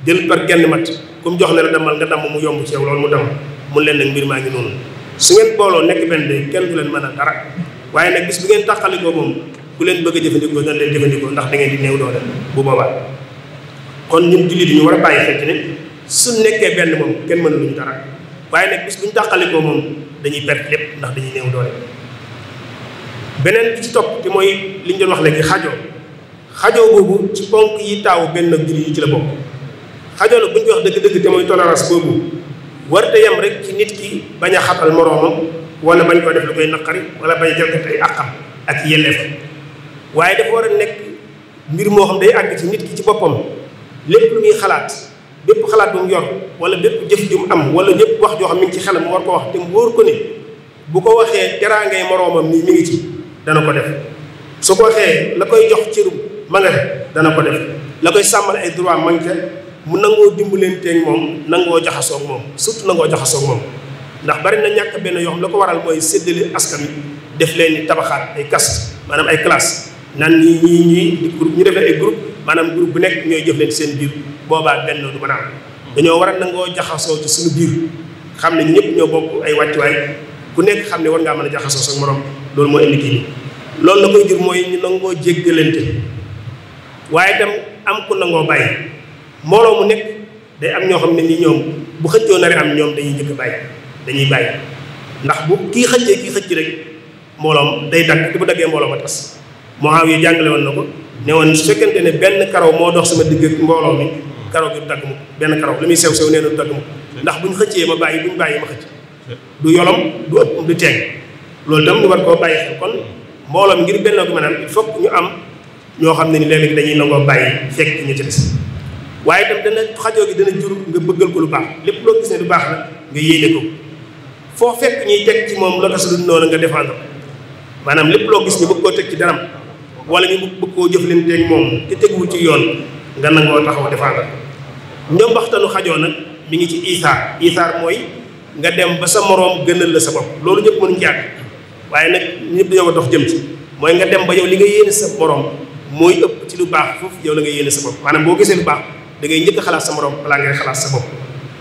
jël par genn mat ku mu jox ne la demal nga damm mu yomb ci yow loolu mu dem mu leen nag mbir maa ngi noonu su ngeen booloo nekk benn de kenn du leen mën a dara waaye nag bis bi ngeen tàqalikoo moom ku leen bëgg a jëfandikoo dañ leen jëfandikoo ndax da ngeen di néew doole bu boobaa kon ñun jullit ñu war a bàyyi xel ci ne suñ moom kenn mëna luñu dara waaye nag bis bu ñu tàqalikoo moom dañuy perte lépp ndax dañuy néew doole beneen bi ci topp te mooy li ñu doon wax léegi xajo xajoo boobu ci ponk yi taaw benn jullit yi ci la bokk xajaloo bu ñu wax dëgg-dëgg te mooy tolérance war warta yem rek ci nit ki bañ a xatal moroomam wala bañ koo def lu koy naqari wala bañ a jalgati ak waaye dafa war a nekk mbir moo day àgg ci nit ki ci boppam lépp lu muy xalaat bépp xalaat bu mu yor wala bépp jëf ju am wala bépp wax joo xam mi ci xelam mu war ko wax te mu wóor ko ne bu ko waxee teraangay moroomam ni mi ngi dana ko def su ko waxee la koy jox cëru ma nga dana ko def la koy sàmmal ay droit ma mu nangoo leen dimbalanteeg moom nangoo jaxasoo ak moom surtout nangoo jaxasoo ak moom ndax bari na ñàkk benn yoom la ko waral mooy séddale askan wi def leen ni tabaxaat ay kas maanaam ay classe nan ñi ñii ñii di ñu def ay groupe maanaam groupe bu nekk ñooy jëf leen seen biir boobaa benn du mën dañoo war a nangoo jaxasoo ci suñu biir xam ne ñëpp ñoo bokk ay wàccuwaay ku nekk xam ne war ngaa mën a jaxasoo sa moroom loolu moo indi kii loolu la koy jur mooy ñu nangoo jéggalante waaye itam am ku mbooloo mu nekk day am ñoo xam ne ni ñoom bu xëccoo nare am ñoom dañuy njëkk bàyyi dañuy bàyyi ndax bu kii xëccee kii xëcc rek mbooloom day dagg te bu daggee mbooloo ma tas Muawiya jàngale woon na ko ne woon ne benn karaw moo dox sama digg ak mbooloo mi gi du dagg benn karaw li muy nee na du dagg mukk ndax ñu xëccee ma bàyyi buñ bàyyi ma xëcc du yolom du ëpp du teeg loolu tam ñu war koo bàyyi xel kon mbooloom ngir benn ko maanaam il faut ñu am ñoo xam ne ni léeg-léeg dañuy nangoo bàyyi fekk ñu ci waaye itam dana xajoo gi dana jur nga bëggal ko lu baax lépp loo gis ne lu baax la nga yéene ko foo fekk ñuy teg ci moom loolu su dul noonu nga défendre maanaam loo gis ñu bëgg koo teg ci daram wala ñu bëgg koo jëflanteeg moom te ci yoon nga nangoo taxaw défendre ñoom waxtanu xajoo nag mi ngi ci isaar isaar mooy nga dem ba sa moroom gënal la sa bopp loolu ñëpp mënuñ jàgg waaye nag ñëpp dañoo dox jëm ci mooy nga dem ba yow li nga yéene sa moroom mooy ëpp ci lu baax foofu yow la nga yéene sa maanaam boo gisee lu baax da ngay njëkk xalaat sa moroom balaa ngay xalaat sa bopp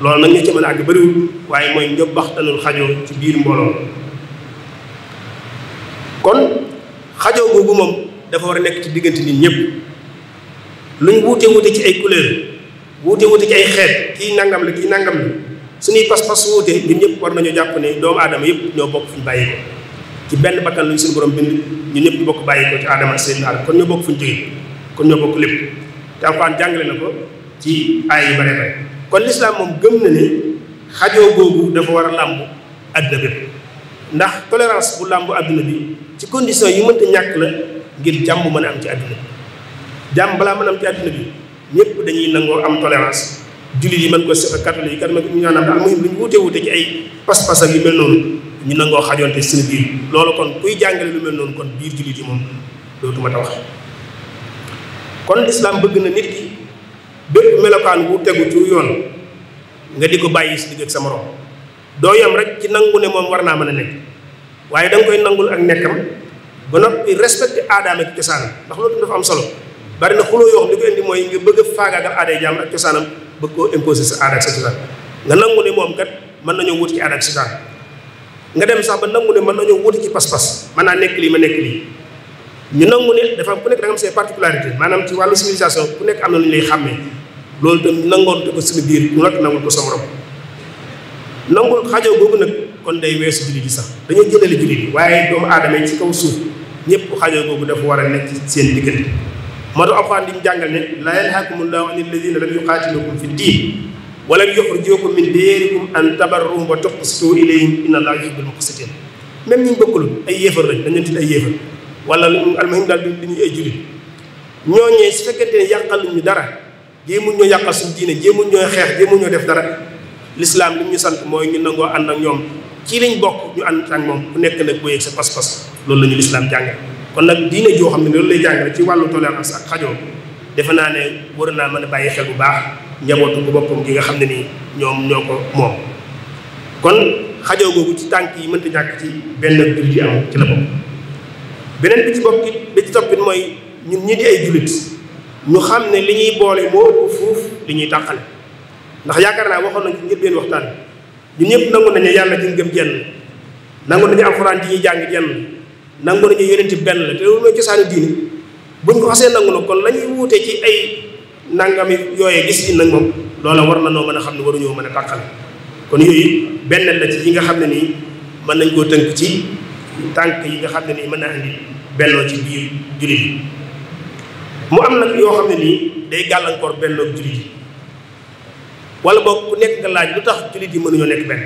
loolu nag ña ci mën a àgg bëriwul waaye mooy ñëpp waxtanul xajoo ci biir mbooloo kon xajoo googu moom dafa war a nekk ci diggante nit ñëpp luñ wuute wuute ci ay couleur wuute wuute ci ay xeet kii nangam la kii nangam la suñuy pas-pas wuute ñun ñëpp war nañu jàpp ne doomu aadama yëpp ñoo bokk fu ñu bàyyi ko ci benn bakkan lañ suñu borom bind ñu ñëpp bokk bàyyi ko ci aadama seen aadama kon ñoo bokk fu ñu kon ñoo bokk lépp te alxuraan jàngale na ko ci ay yu bare bare kon lislaam moom gëm na ni xajoo googu dafa war a làmb àdduna bépp ndax tolérance bu làmb àdduna bi ci condition yi mënta ñàkk la ngir jàmm ma ne am ci àdduna bi jàmm balaa mën a am bi ñëpp dañuy nangoo am tolérance jullit yi mën ko seq catholique yi kat ma ñu naan daal muhim lu ñu wute wute ci ay pas-pas ak mel noonu ñu nangoo xajoonte suñu biir loolu kon kuy jàngale lu mel noonu kon biir jullit yi moom dootuma ta wax kon lislaam bëgg bépp melokaan wu tegu ci yoon nga di ko bàyyi si digg ak sa morom doo yam rek ci nangu ne moom war naa mën a nekk waaye da nga koy nangul ak nekkam ba noppi respecté aadaam ak cosaanam ndax loolu am solo bari na xuloo yoo xam li ko indi mooy a faagaagal aaday jaam ak cosaanam koo imposer sa aada nga nangu ne moom kat mën nañoo wut ci aada ak cosaan nga dem sax ba nangu ne na nañoo wuti ci pas-pas mën naa nekk lii ma nekk lii ñu nangu ne dafa ku nekk da am ses particularités maanaam ci wàllu civilisation ku nekk am na lu ñuy xàmmee loolu tamit nangoonte ko suñu biir lu nag nangul ko sa morom nangul xajoo googu nag kon day weesu jullit yi sax dañoo jëlale jullit yi waaye doomu aadama yi ci kaw suuf ñëpp xajoo googu dafa war a nekk ci seen diggante moo tax alxuraan di ñu jàngal ne laa yanhaakumullahu ani alladina lam yuqaatilukum fi diin wa lam yuxrijukum min diyarikum an tabarruhum wa tuqsitu ilayhim inna allaha yuhibbul muqsitin même ñu bokkul ay yéefar lañ dañ leen tudd ay yéefar wala almahim daal di ñu ay jullit ñooñee su fekkente ne yàqaluñu dara jéemuñ ñoo yàqal suñu diine jéemuñ ñoo xeex jéemuñ ñoo def dara lislaam li ñu sant mooy ñu nangoo ànd ak ñoom ci liñ bokk ñu ànd ak moom ku nekk nag boo sa pas-pas loolu la ñu lislaam jàngal kon nag diine joo xam ne loolu lay jàngale ci wàllu tolérance ak xajoo defe naa ne war naa mën a bàyyi xel bu baax njabootu bu boppam gi nga xam ne nii ñoom ñoo ko moom kon xajoo googu ci tànk yi mënta ñàkk ci benn jullit yi ci la bopp beneen bi ci bopp bi ci toppit mooy ñu ñi di ay jullit ñu xam ne li ñuy boole moo ëpp fuuf li ñuy tàqale ndax yaakaar naa waxoon nañ ci ñëpp benn waxtaan ñun ñëpp nangu nañu yàlla ci ngëm jenn nangu nañu alxuraan ji ñuy jàng jenn nangu nañu yonent ci benn la te loolu mooy cosaanu diine buñ ko xasee nangu na kon la ñuy wuute ci ay nangami yooyee gis ci nag moom loola war na noo mën a xam ne waruñoo mën a tàqale kon yooyu benn la ci yi nga xam ne nii mën nañ koo tënk ci tànk yi nga xam ne nii mën naa indi benn ci biir jullit mu am nag yoo xam ne nii day gàllankoor benn jullit yi wala boog ku nekk laaj lu tax jullit yi mënuñoo nekk benn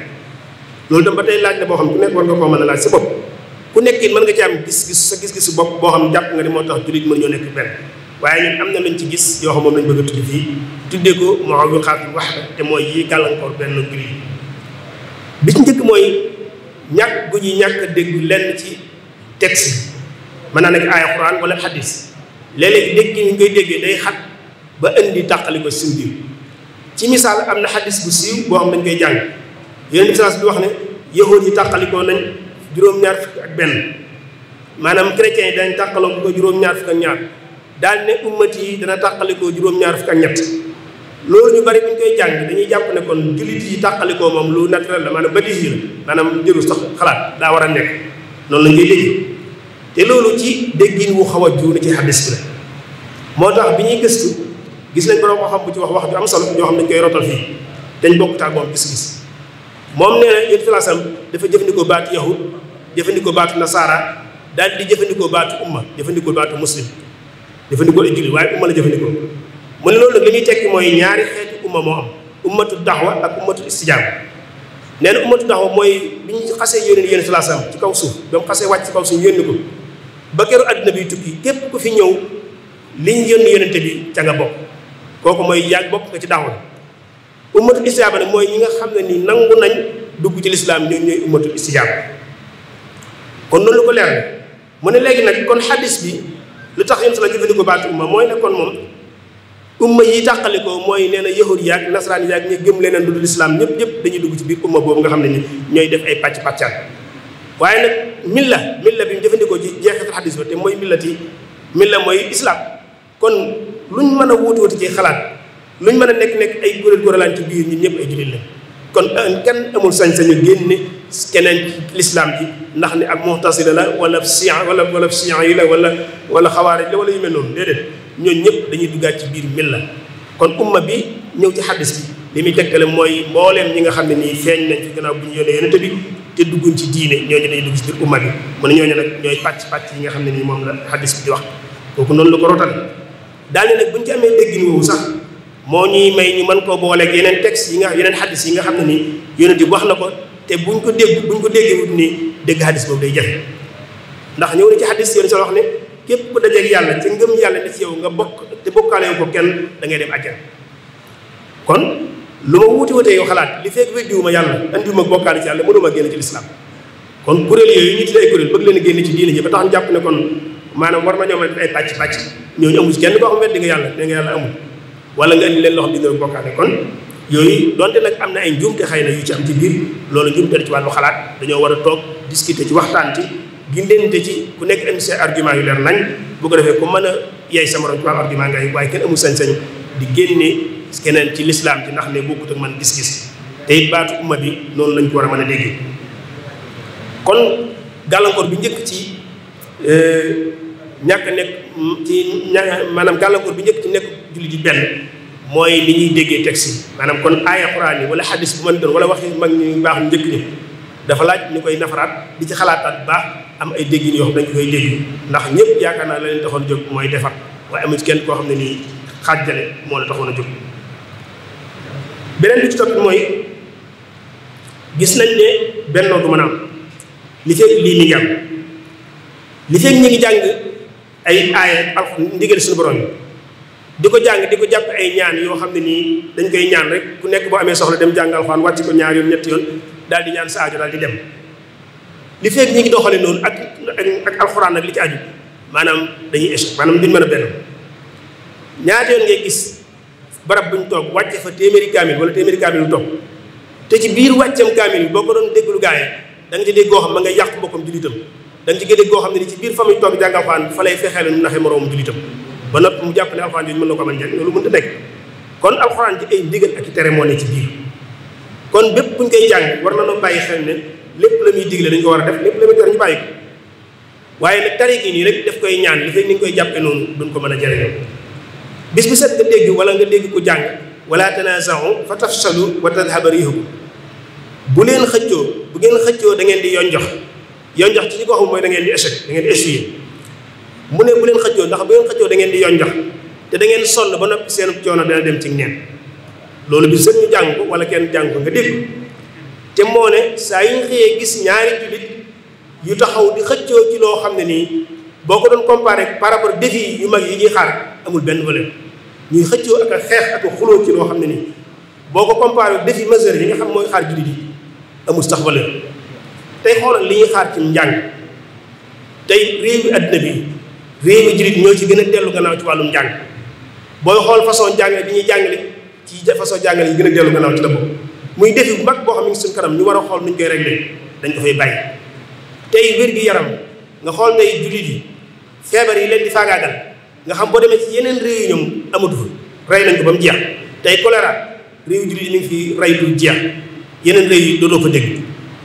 loolu tam ba tey laaj la boo xam ku nekk war nga koo mën a laaj sa bopp ku nekk it mën ci am gis-gis sa gis-gisu bopp boo xam jàpp nga ni moo tax jullit mënuñoo nekk benn waaye am na luñ ci gis yoo xam moom lañ bëgg a tudd fii tuddee ko moo yu xaat wax te mooy yi gàllankoor benn jullit yi bi ci njëkk mooy ñàkk gu ñuy ñàkk dégg lenn ci teg si mën naa nekk aaya quran wala xadis léeg-léeg dégg ñu ngay déggee day xat ba indi tàqali ko siw biir ci misaal am na xadis bu siiw boo xam dañ koy jàng yeneen bi wax ne yahuud yi tàqalikoo nañ juróom benn maanaam chrétiens yi dañ tàqaloo ko juróom-ñaar fukk ak ñaar daal ne ummat yi dana tàqalikoo juróom-ñaar fukk loolu ñu bari bu ñu koy jàng dañuy jàpp ne kon jullit yi tàqalikoo moom lu naturel la maanaam ba di la maanaam jëru sax xalaat daa war a nekk noonu la ngay dégg te loolu ci déggin wu xaw a juuni ci xadis bi la moo tax bi ñuy gis gis nañ borom xam bu ci wax wax ju am solo ñoo xam ne ñu koy rotal fii dañ bokk taag moom gis-gis moom nee na yonent salaasam dafa jëfandikoo baatu yahud jëfandikoo baatu nasaara daal di jëfandikoo baatu umma jëfandikoo baatu muslim jëfandikoo ay julli waaye umma la jëfandikoo mu ne loolu nag li ñuy tekki mooy ñaari xeeti umma moo am ummatu daxwa ak ummatu istijaab nee na ummatu daxwa mooy bi ñu xasee yónni yonent salaasam ci kaw suuf ba mu xasee wàcc ci kaw suuf yónni ko ba keru àdduna bi tukki képp ko fi ñëw liñ yónni yonente bi ca nga bokk kooku mooy yàgg bokk nga ci daawoon ummatul istijaaba mooy ñi nga xam ne ni nangu nañ dugg ci lislaam ñoom ñooy ummatul istijaaba kon noonu lu ko leer mu ne léegi nag kon xadis bi lu tax yén sala jëfandikoo baatu umma mooy ne kon moom umma yi tàqali ko mooy nee na yahud yaag nasaraan yaag ñu gëm leneen lu dul lislaam ñëpp ñëpp dañuy dugg ci biir umma boobu nga xam ne ni ñooy def ay pàcc pàccaat waaye nag milla milla bi mu jëfandikoo ci jeexital xadis ba te mooy millati milla mooy islaam kon lu luñ mën a wuti wuti ci xalaat luñ mën a nekk-nekk ay kuréel kuréelaan ci biir ñun ñëpp ay jullit la kon kenn amul sañ-sañu génne keneen ci lislaam ji ndax ne ab muxtasila la wala sian wala wala sian yi la wala wala xawaarij la wala mel noonu déedéet ñooñu ñëpp dañuy duggaat ci biir milla kon umma bi ñëw ci xadis bi li muy tegtale mooy mbooleem ñi nga xam ne nii feeñ nañ ci gannaaw bu ñu yónnee yonente bi te dugguñ ci diine ñooñu dañuy dugg ci biir umma bi mu ñoo ñooñu nag ñooy pàcc pàcc yi nga xam ne nii moom la xadis bi di wax kooku noonu la ko rotal daal nag buñ ci amee déggin woowu moo ñuy may ñu mën koo booleeg yeneen texte yi nga yeneen xadis yi nga xam ne nii yonent bi wax na ko te buñ ko dégg buñ ko déggee wut nii dégg xadis boobu day jafe ndax ñëw na ci xadis yoon sa wax ne képp ku dajeeg yàlla ci ngëm yàlla des yow nga bokk te bokkaale ko kenn da ngay dem àjjana loo wuti wutee yow xalaat li fekk weddiwuma yàlla andiwuma bokkaale ci yàlla mënuma génn ci lislaam kon kuréel yooyu ñu tuddee ay kuréel bëgg leen a génn ci diine ji ba tax ñu jàpp ne kon maanaam war nañoo mel ay pàcc pàcc ñooñu amul kenn koo xam weddi nga yàlla amul wala nga indi leen loo di doon bokkaale kon yooyu donte nag am na ay njuumte xëy na yu ci am ci biir loolu njuumte ci wàllu xalaat dañoo war a toog discuter ci waxtaan ci gindente ci ku nekk am say argument yu leer nañ bu ko defee ku mën a yey sama morom ci wàllu argument ngay waaye kenn amul sañ-sañ di génne keneen ci lislaam ci ndax ne bokkut ak man gis-gis te it baatu umma bi noonu lañ ko war a mën a dégg kon gàllankoor bi njëkk ci euh, ñàkk nekk ci maanaam gàllankoor bi njëkk ci nekk julli ji benn mooy li ñuy déggee texte yi maanaam kon aaya quraan yi wala xadis bu mën doon wala waxi mag ñu baax njëkk ñi dafa laaj ñu koy nafaraat di ci xalaataat baax am ay déggin yoo xam dañ koy dégg ndax ñëpp yaakaar naa la leen taxoon jóg mooy defar waaye amu ci kenn koo xam ne nii xàjjale moo la taxoon a jóg beneen bi ci toppit mooy gis nañ ne bennoo du mën am li fekk lii mi ngi am ñu ngi jàng ay aaya ak ndigal ko jàng di ko jàpp ay ñaan yoo xam ne nii dañ koy ñaan rek ku nekk boo amee soxla dem jàng alxuraan wàcc ko ñaar yoon ñetti yoon daal di ñaan sa aajo ñu ngi doxale noonu ak ak alxuraan li ci aju maanaam dañuy échec maanaam duñ mën a benn ñaata yoon ngay gis barab buñ toog wàcce fa téeméeri kaamil wala téeméeri kaamil lu toog te ci biir wàccam kaamil boo ko doon déglu gaa yi da nga ci dégg goo xam ma nga yàq mbokkam jullitam da nga ci dégg goo ne ni ci biir fa muy toog jàng alxuraan fa lay fexeelu nu naxe moroomam jullitam ba noppi mu jàpp ne alxuraan yooyu mën na ko amal njariñ nekk kon alxuraan ji ay ndigal ak i tere moo ne ci biir kon bépp ku buñ koy jàng war na noo bàyyi xel ne lépp la muy jigle dañ ko war a def lépp la muy tere ñu bàyyi ko waaye nag tari nii rek daf koy ñaan li fekk ni nga koy jàppe noonu duñ ko mën a jëriñoo bis bu set nga dégg wala nga dégg ku jàng wala tanaaza'u fa tafshalu wa tadhhaba riihukum bu leen xëccoo bu ngeen xëccoo dangeen di yonjox yonjox ci ñi ko xam mooy da ngeen di échec da ngeen di échoué ne bu leen xëccoo ndax bu ngeen da ngeen di yonjox te da ngeen sonn ba noppi seen coono dana dem ci neen loolu bi set ñu jàng ko wala kenn jàng ko nga dégg te moo ne saa yu ñu xëyee gis ñaari jullit yu taxaw di xëccoo ci loo xam ne nii boo ko doon comparé par rapport défi yu mag yi ñuy xaar amul benn valeur ñuy xëccoo ak a xeex ak xuloo ci loo xam ne nii boo ko comparé défi majeur yi nga xam mooy xaar jullit yi amul sax valeur tey xoolal li ñuy xaar ci njàng tey réew mi àddina bi réew mi jullit ñoo ci gën a dellu gannaaw ci wàllum njàng booy xool façon jàngale bi ñuy jàngale ci façon jàngale yi gën a dellu gannaaw ci la bokk muy défi bu mag boo xam ne suñu kanam ñu war a xool nuñ koy réglé dañ ko fay bàyyi tey wér gi yaram nga xool tey jullit yi feebar yi leen di faagaagal nga xam boo demee ci yeneen réew yi ñoom amatu fa rey nañ ko ba mu jeex tey choléra réew jullit yi ñu ngi fi rey du jeex yeneen réew yi dootoo fa dégg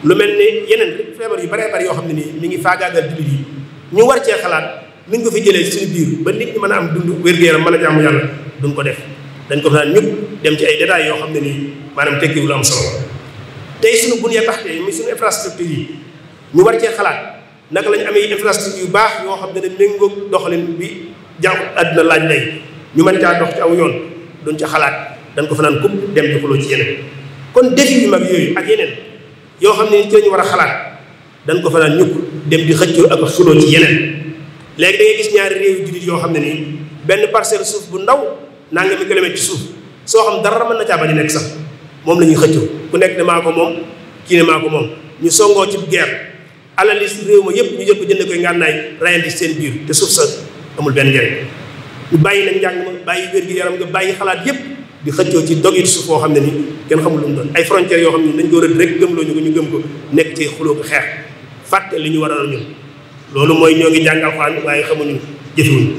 lu mel ni yeneen feebar yu bare bare yoo xam ne nii mi ngi faagaagal jullit yi ñu war cee xalaat ni ñu ko fi jëlee suñu biir ba nit ñi mën a am dund wér-gu-yaram mën a jaamu yàlla duñ ko def dañ ko daan ñëpp dem ci ay détails yoo xam ne nii maanaam tekkiwu lu am solo tey suñu bunyee taxte mi suñu infrastructure yi ñu war cee xalaat naka lañu amee infrastructure yu baax yoo xam dana méngoog doxalin bi jàmm àdduna laaj lay ñu mën caa dox ci aw yoon duñ ci xalaat dañ ko fa naan kub dem di xuloo ci kon défi yu mag yooyu ak xam ne ci war a xalaat dañ ko fa naan ñukk dem di xëccoo ak xuloo ci yeneen léegi da gis ñaari réew jullit yoo xam ne nii benn parcelle suuf bu ndaw nanga mi kilomètre ci suuf soo xam dara mën na caa bañ a nekk sax moom la ñuy xëccoo ku nekk ne maa ko moom kii ne ko moom ñu songoo ci guerre alalis réew ma yépp ñu jël ko jënd koy ngànnaay rayandi seen biir te suuf sa amul benn njariñ ñu bàyyi la njàng ma bàyyi wér gi yaram nga bàyyi xalaat yépp di xëccoo ci dog it suuf boo xam ne ni kenn xamul lu mu doon ay frontières yoo xam ne dañ ko rëdd rek gëmloo ñu ko ñu gëm ko nekk ci xuloo ko xeex fàtte li ñu war a ñun loolu mooy ñoo ngi jàngal xaan waaye xamuñu jëfewuñu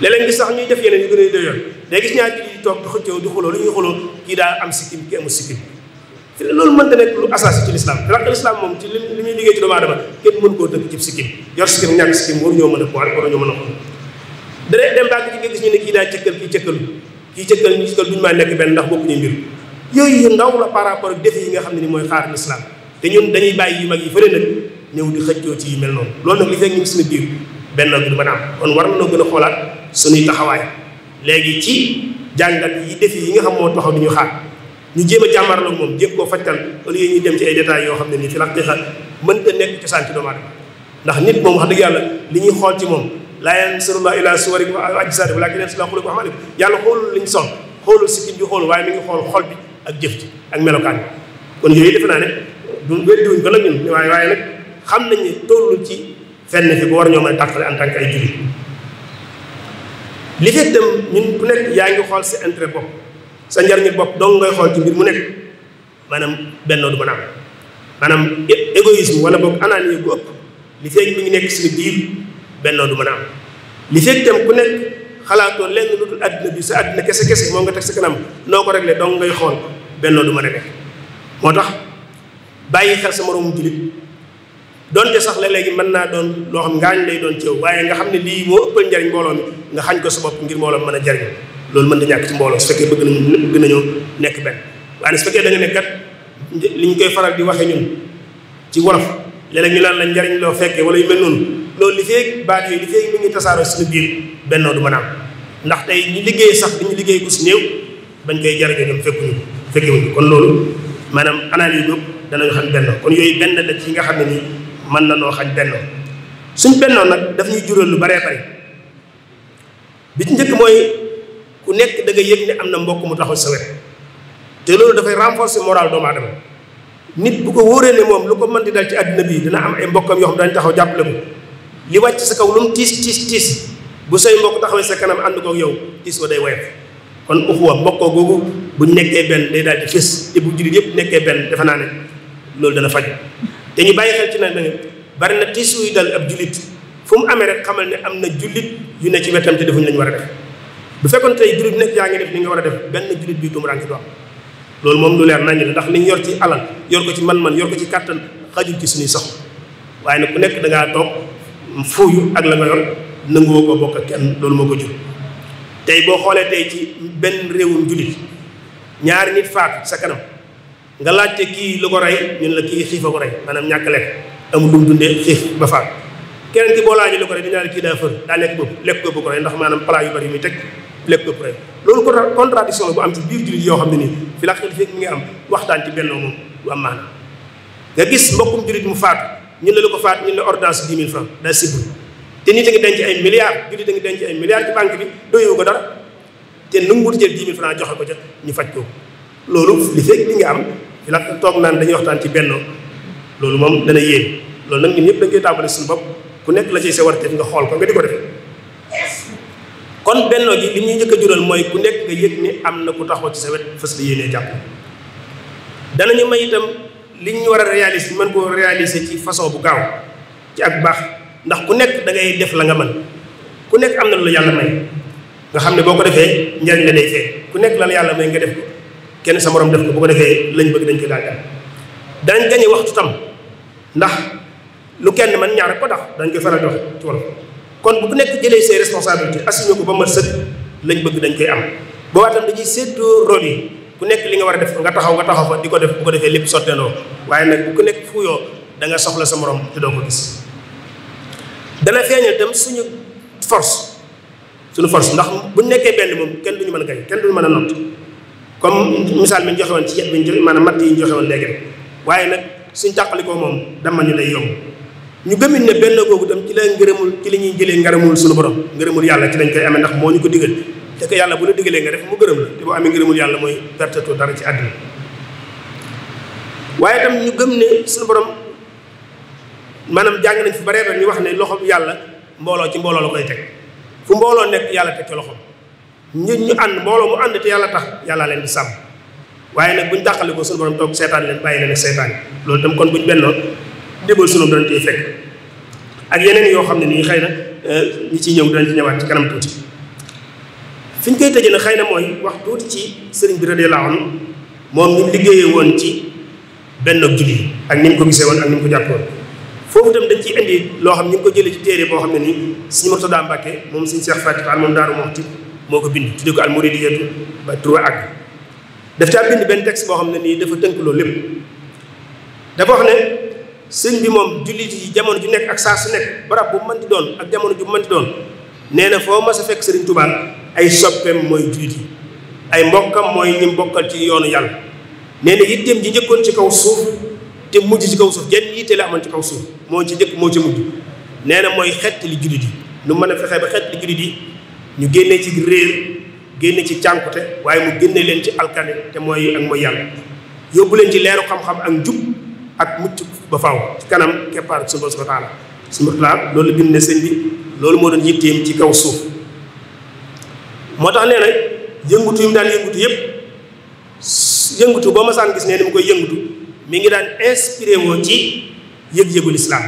léeg-léeg gi sax ñuy def yeneen yu gën a doyoon day gis ñaar ji di toog di xëccoo di xuloo kii daa am sikkim kii amul sikkim fi loolu mënta nekk lu asaasi ci lislaam ndax lislaam moom ci li li muy liggéey ci doomu aadama kenn mën koo dëkk sikkim yor sikkim ñàkk ñoo mën a boole waru a yi nga xam ne ni mooy xaar lislaam te ñun dañuy bàyyi yu mag yi fële nag ñëw di xëccoo ci yu mel noonu loolu nag li fekk ñu ngi a am kon war a xoolaat suñuy taxawaay léegi ci jàngat yi défi yi nga xam moo taxaw di ñu xaar ñu jéem a jàmmarloo moom jéem koo fajtal au lieu ñuy dem ci ay détails yoo xam ne nii fi lax dëxa mën ta nekk cosaan ci doomu aadama ndax nit moom wax dëgg yàlla li ñuy xool ci moom laa yansurullah ila suwarikum wa ajsadikum walakin yansurullah xulukum amalikum yàlla xoolul li ñu bi xool waaye mi ngi xool xol bi ak jëf ji ak melokaan bi kon yooyu defe naa ne du weddiwuñ ko nag ñun waaye waaye nag xam nañ ne tollu ci fenn fi bu war ñoo mën a tàqale en tant ay jullit li fekk dem ñun ku nekk yaa ngi xool si intérêt bopp sa njariñu bopp dong ngay xool ci mbir mu nekk maanaam bennoo du mën a am maanaam égoïsme wala boog anani ko ëpp li feeg mi ngi nekk suñu biir bennoo du mën a am li feeg tam ku nekk xalaatoo lenn lu dul àddina bi sa àddina kese kese moom nga teg sa kanam noo ko réglé dong ngay xool bennoo du mën a nekk moo tax bàyyi xel sa moroomu jullit donte sax la léegi mën naa doon loo xam ngaañ lay doon ceew waaye nga xam ne lii moo ëppal njariñ mbooloo mi nga xañ ko sa bopp ngir mbooloo mën a jariñ loolu mën na ñàkk ci mbooloo su fekkee bëgg nañu bëgg nañoo nekk benn waaye su fekkee dañu ne kat li ñu koy faral di waxee ñun ci wolof léeg-léeg ñu naan la njariñ loo fekkee wala yu mel noonu loolu li feeg baat yooyu li feeg mi ngi tasaaroo suñu biir a ndax tey ñu liggéey sax dañu liggéey ku si néew koy jariñoo dem fekkuñu fekkewuñu kon loolu maanaam analyse boobu danañu xam bennoo kon yooyu benn la ci nga xam ne nii mën na noo xañ bennoo suñ bennoo nag daf ñuy jural lu baree bari bi ci njëkk mooy ku nekk da nga yëg ne am na mbokk mu taxaw sa te loolu dafay renforcer moral doomu aadama nit bu ko wóoree ne moom lu ko mën di dal ci àddina bi dina am ay mbokkam yoo xam dañ taxaw jàppale ko li wàcc sa kaw lu mu tiis tiis tiis bu say mbokk sa kanam ànd koog yow tiis day woyof kon uxuwa mbokkoo googu buñ nekkee benn day daal di fés te bu jullit yëpp nekkee benn defe naa ne loolu dana faj te ñu bàyyi xel ci nag ne bari na tiis yuy dal ab jullit fu mu amee rek xamal ne am na jullit yu ne ci wetam te defuñu lañu war a def bu fekkoon tey jullit nekk yaa ngi def li nga war a def benn jullit bi tumuraanke loolu moom lu leer nañ la ndax li ñu yor ci alal yor ko ci man-man yor ko ci kàttan xajul ci suñuy soxla waaye nag ku nekk dangaa ngaa toog ak la nga yor nanguwoo ko bokk kenn loolu moo ko tey boo xoolee tey ci benn réewum jullit ñaari nit faatu sa kanam nga laajte kii lu ko rey ñun la kii xiif a ko maanaam ñàkk lekk amul lu mu dundee xiif ba faatu keneen ki boo laajee lu ko rey dañu naan kii daa fër daa lekk boobu lekk boobu ko rey ndax maanaam plat yu bari yu muy teg lépp ëpp rek loolu contradiction la bu am ci biir yoo xam ne nii fi la xel fekk ngi am waxtaan ci bennoo moom nga gis mbokkum jullit mu faatu ñun la ko faatu ñun la ordonnance dix mille francs daa sibr te nit denc ay milliards jullit a ngi denc ay milliards ci banque bi doyewu ko dara te nu mu jël dix mille francs joxe ko ñu faj ko loolu li fekk mi ngi am fi la toog dañuy waxtaan ci bennoo loolu moom dana yéen loolu nag ñu ñëpp dañ koy tàmbali suñu bopp ku nekk la ciy sa warteef nga xool ko nga di ko def kon bennoo gi li ñuy njëkk a jural mooy ku nekk nga yëg ni am na ku taxaw ci sa wet fas la yéenee jàpp danañu may itam li ñu war a réaliser mën koo réaliser ci façon bu gaaw ci ak baax ndax ku nekk da ngay def la nga man ku nekk am na lu yàlla may nga xam ne boo ko defee njariñ la day fee ku nekk la yàlla may nga def ko kenn sa moroom def ko bu ko defee lañ bëgg dañ ko gàggal danañ gañe waxtu tam ndax lu kenn man ñaar ko tax dañ koy fara di ci wolof kon bu ku nekk jëlee say responsabilité assumé ko ba mat sëkk lañ bëgg dañ koy am boo boobaa tam dañuy séddoo rôle yi ku nekk li nga war a def nga taxaw nga taxaw fa di ko def bu ko defee lépp sotteeloo waaye nag bu ku nekk fuuyoo da nga soxla sa moroom te doo ko gis dana feeñal tam suñu force suñu force ndax bu nekkee benn moom kenn duñu mën a gañ kenn duñu mën a nott comme misaal mi ñu ci yet bi ñu joxe maanaam matt yi ñu joxe woon léegi rek waaye nag suñ tàqalikoo moom dama ñu lay yomb ñu gëmit ne benn googu dem ci la ngërëmul ci li ñuy jëlee ngërëmul suñu borom ngërëmul yàlla ci lañ koy amee ndax moo ñu ko digal te que yàlla bu la digalee nga def mu gërëm la te boo amee ngërëmul yàlla mooy pertatoo dara ci àddina waaye tam ñu gëm ne suñu borom maanaam jàng nañ fi baree ba ñu wax ne loxo yàlla mbooloo ci mbooloo la koy teg fu mbooloo nekk yàlla te ca loxo ñun ñu ànd mbooloo mu ànd te yàlla tax yàlla leen di sàmm waaye nag bu dàqale ko suñu borom toog seetaan leen bàyyi leen ak seetaan loolu tam kon buñ bennoon ndébal sunum danañ ak yeneen yoo xam ne nii xëy na euh, ñi ciy ñëw danañ ci ñëwaat ci kanam tuuti fi ñu koy tëjee nag xëy na mooy wax tuuti ci sëriñ bi radiyallaahu anhu moom ñu liggéeyee woon ci benn julli ak ni mu ko gisee woon ak ni ko jàppoon foofu itam dañ ciy indi loo xam ñu ko jëlee ci téere boo xam ne nii suñu Murtadaa Mbàkke moom suñu Seex Faati Taal moom Daaru moo ko bind tuddee ko al muridiyatu ba trois ak daf caa bind benn texte boo xam ne nii dafa tënk lépp dafa wax ne sëñ bi moom jullit yi jamono ju nekk ak saa su nekk barab bu man di doon ak jamono ju mën di doon nee na foo ma sa fekk sëriñ Tuubaa ay soppeem mooy jullit yi ay mbokkam mooy ñi mbokkal ci yoonu yàlla nee na yitteem ji njëkkoon ci kaw suuf te mujj ci kaw suuf jan yitte la amoon ci kaw suuf moo ci njëkk moo ci mujj nee na mooy xett li jullit yi nu mën a fexe ba xett li jullit yi ñu génnee ci réer génne ci cànkute waaye mu génne leen ci alkane te mooy ak mooy yàlla yóbbu leen ci leeru xam-xam ak ak mucc ba faaw ci kanam keppaar suñu borom taal wa taala loolu bind ne seen bi loolu moo doon yitteem ci kaw suuf moo tax nee na yëngutu yi mu daan yëngutu yëpp yëngutu boo ma saan gis ne ni mu koy mi ngi daan inspiré woo ci yëg-yëgu lislaam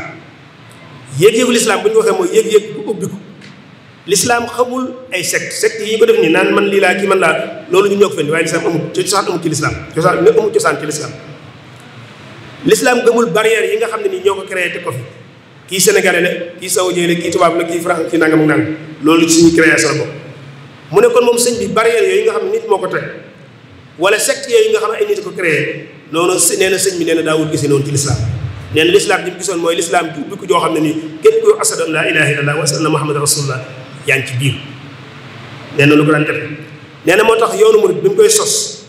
yëg-yëgu lislaam bu ñu waxee mooy yëg-yëg bu ubbiku lislaam xamul ay secte secte yi ñu ko def nii naan man lii laa kii man laa loolu ñu ñoo ko fendi waaye lislaam amul cosaan amul ci lislaam cosaan amul cosaan ci lislaam lislaam gëmul barrière yi nga xam ne nii ñoo ko créé ko fi kii sénégalais la kii saoudien la kii tubaab la kii franc kii nangam ak nangam loolu suñu création la bokk mu ne kon moom sëñ bi barrière yooyu nga xam ne nit moo ko teg wala secte yooyu nga xam ne ay nit ko créé noonu nee na sëñ bi nee na daawul gisee noonu ci l'islam nee na l'islam bi mu gisoon mooy l'islam bi dugg joo xam ne nii képp ko asadu an laa ilaha illallah wa asadu anna muhammadan rasulullah yaa ngi ci biir nee na lu ko daan def nee moo tax yoonu murid bi koy sos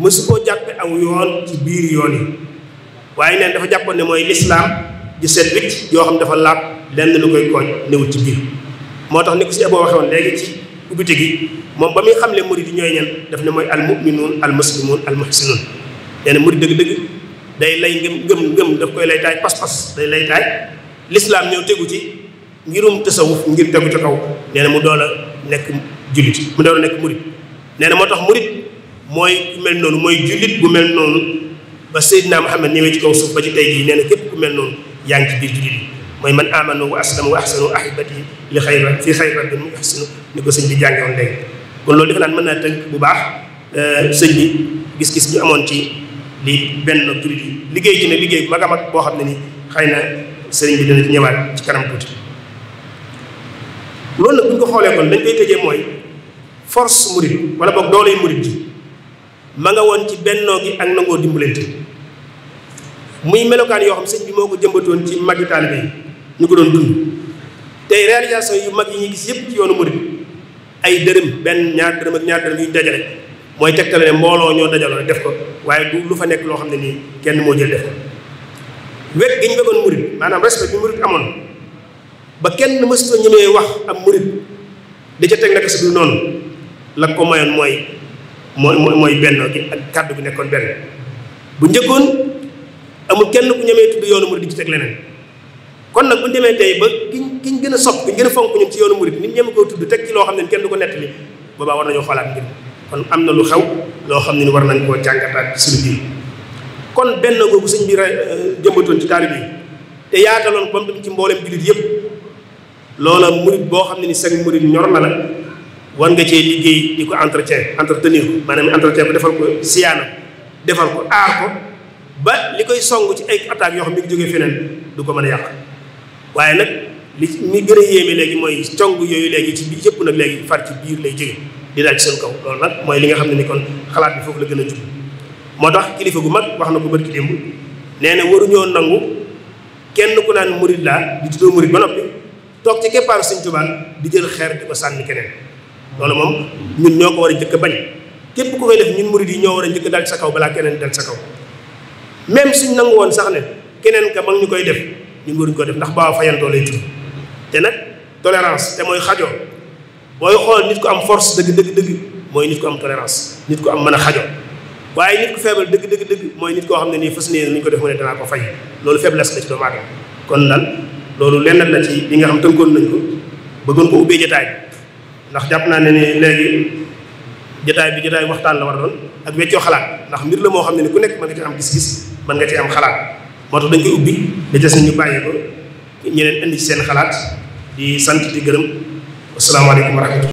mësu koo jàppe aw yoon ci biir yoon yi waaye neen dafa jàppoon ne mooy lislaam ju set wicc yoo xam dafa laab lenn lu koy kooñ newut ci biir moo tax ni ko si aboo waxee woon léegi ci ubbite gi moom ba muy xam le murid yi ñooy ñan daf ne mooy al muminuun al muslimuun al muhsinuun nee na dëgg-dëgg day lay ngëm ngëm ngëm daf koy lay taay pas-pas day lay taay lislaam ñëw tegu ci ngirum tasawuf ngir tegu ci kaw nee mu dool a nekk jullit mu dool a nekk murid nee na moo tax murid mooy ku mel noonu mooy jullit bu mel noonu ba Seydina Muhammad ñëwee ci kaw suuf ba ci tey jii nee na képp ku mel noonu yaa ngi ci mooy man amanu wa aslamu wa ahsanu ahibati li xayra fi xayra bi mu ahsanu ni ko sëñ bi jànge woon léegi loolu defe naan mën naa tënk bu baax euh, sëñ bi gis-gis ñu amoon ci li benn jullit yi liggéey ci ne liggéey bu mag boo xam ne ni xay na sëriñ bi dana ci ñëwaat ci kanam tuuti loolu nag bu ko xoolee kon dañ koy tëjee mooy force murid wala boog dooley ma nga woon ci bennoo gi ak nangoo dimbalante muy melokaan yoo xam sëñ bi moo ko jëmbatoon ci magi taalibe yi ñu ko doon dund tey réalisation yu mag yi ngi gis yëpp yoonu murid ay dërëm benn ñaar dërëm ak ñaar dërëm yu dajale mooy tegtale ne mbooloo ñoo dajaloo def ko waaye du lu fa nekk loo xam ne nii kenn moo jël def ko wekk gi ñu bëggoon murid maanaam respect bi murid amoon ba kenn mësuta ñemee wax am murid di ca teg naka si dul noonu la ko mayoon mooy mooy mooy bennoo gi ak kàddu bi nekkoon benn bu njëkkoon amul kenn ku ñemee tudd yoonu murid di ci teg leneen kon nag bu ñu tey ba kiñ kiñ gën a sopp kiñ gën a fonk ñun ci yoonu murid nit ñem koo tudd teg ci loo xam ne kenn ko nettali boobaa war nañoo xoolaat ngir am na lu xew loo xam ne ni war nañ koo jàngataat ci suñu kon benn googu sëñ bi euh, jëmbatoon ci taalibe yi te yaataloon ba mu dem ci mboolem jullit yëpp loola murid boo xam ne ni sag murid ñor na la war nga cee liggéey di ko entretien entretenir ko maanaam entretien ko defal ko siyaana defal ko aar ko ba li koy songu ci ay attaques yoo xam ne mi ngi jógee ko mën a yàq waaye nag li mi gën a léegi mooy cong yooyu léegi ci biir yëpp léegi far ci lay jóge di daal ci kaw loolu nag mooy li nga xam ne ni kon xalaat bi foofu la gën a jub moo tax kilifa gu mag wax na ko bërki démb nee na waruñoo nangu kenn ku naan murid laa di tuddoo murid ba noppi toog ci keppaaru Sëñ Tuubaa di jël xeer di ko sànni keneen loolu moom ñun ñoo ko war a njëkk a bañ képp ku koy def ñun murid yi ñoo war a njëkk dal sa kaw balaa keneen dal sa kaw même suñ nangu woon sax ne keneen ka mag ñu koy def ñun waruñ ko def ndax baa fayantoo lay tur te nag tolérance te mooy xajoo booy xool nit ko am force dëgg dëgg dëgg mooy nit ku am tolérance nit ku am mën a xajoo waaye nit ku faible dëgg dëgg dëgg mooy nit koo xam ne nii fas yéene ñu ko def mu ne danaa ko fay loolu faiblesse la ci doomu aadama kon daal loolu lenn la ci li nga xam tënkoon nañ ko bëggoon ko ubbee jotaay ndax jàpp naa ne ni léegi jotaay bi jotaay waxtaan la war a doon ak weccoo xalaat ndax mbir la moo xam ne ni ku nekk mën nga ci am gis-gis mën nga ci am xalaat moo tax dañ koy ubbi da des sañu ñu bàyyi ko ñeneen indi seen xalaat di sant di gërëm asalaamaaleykum wa rahmatulah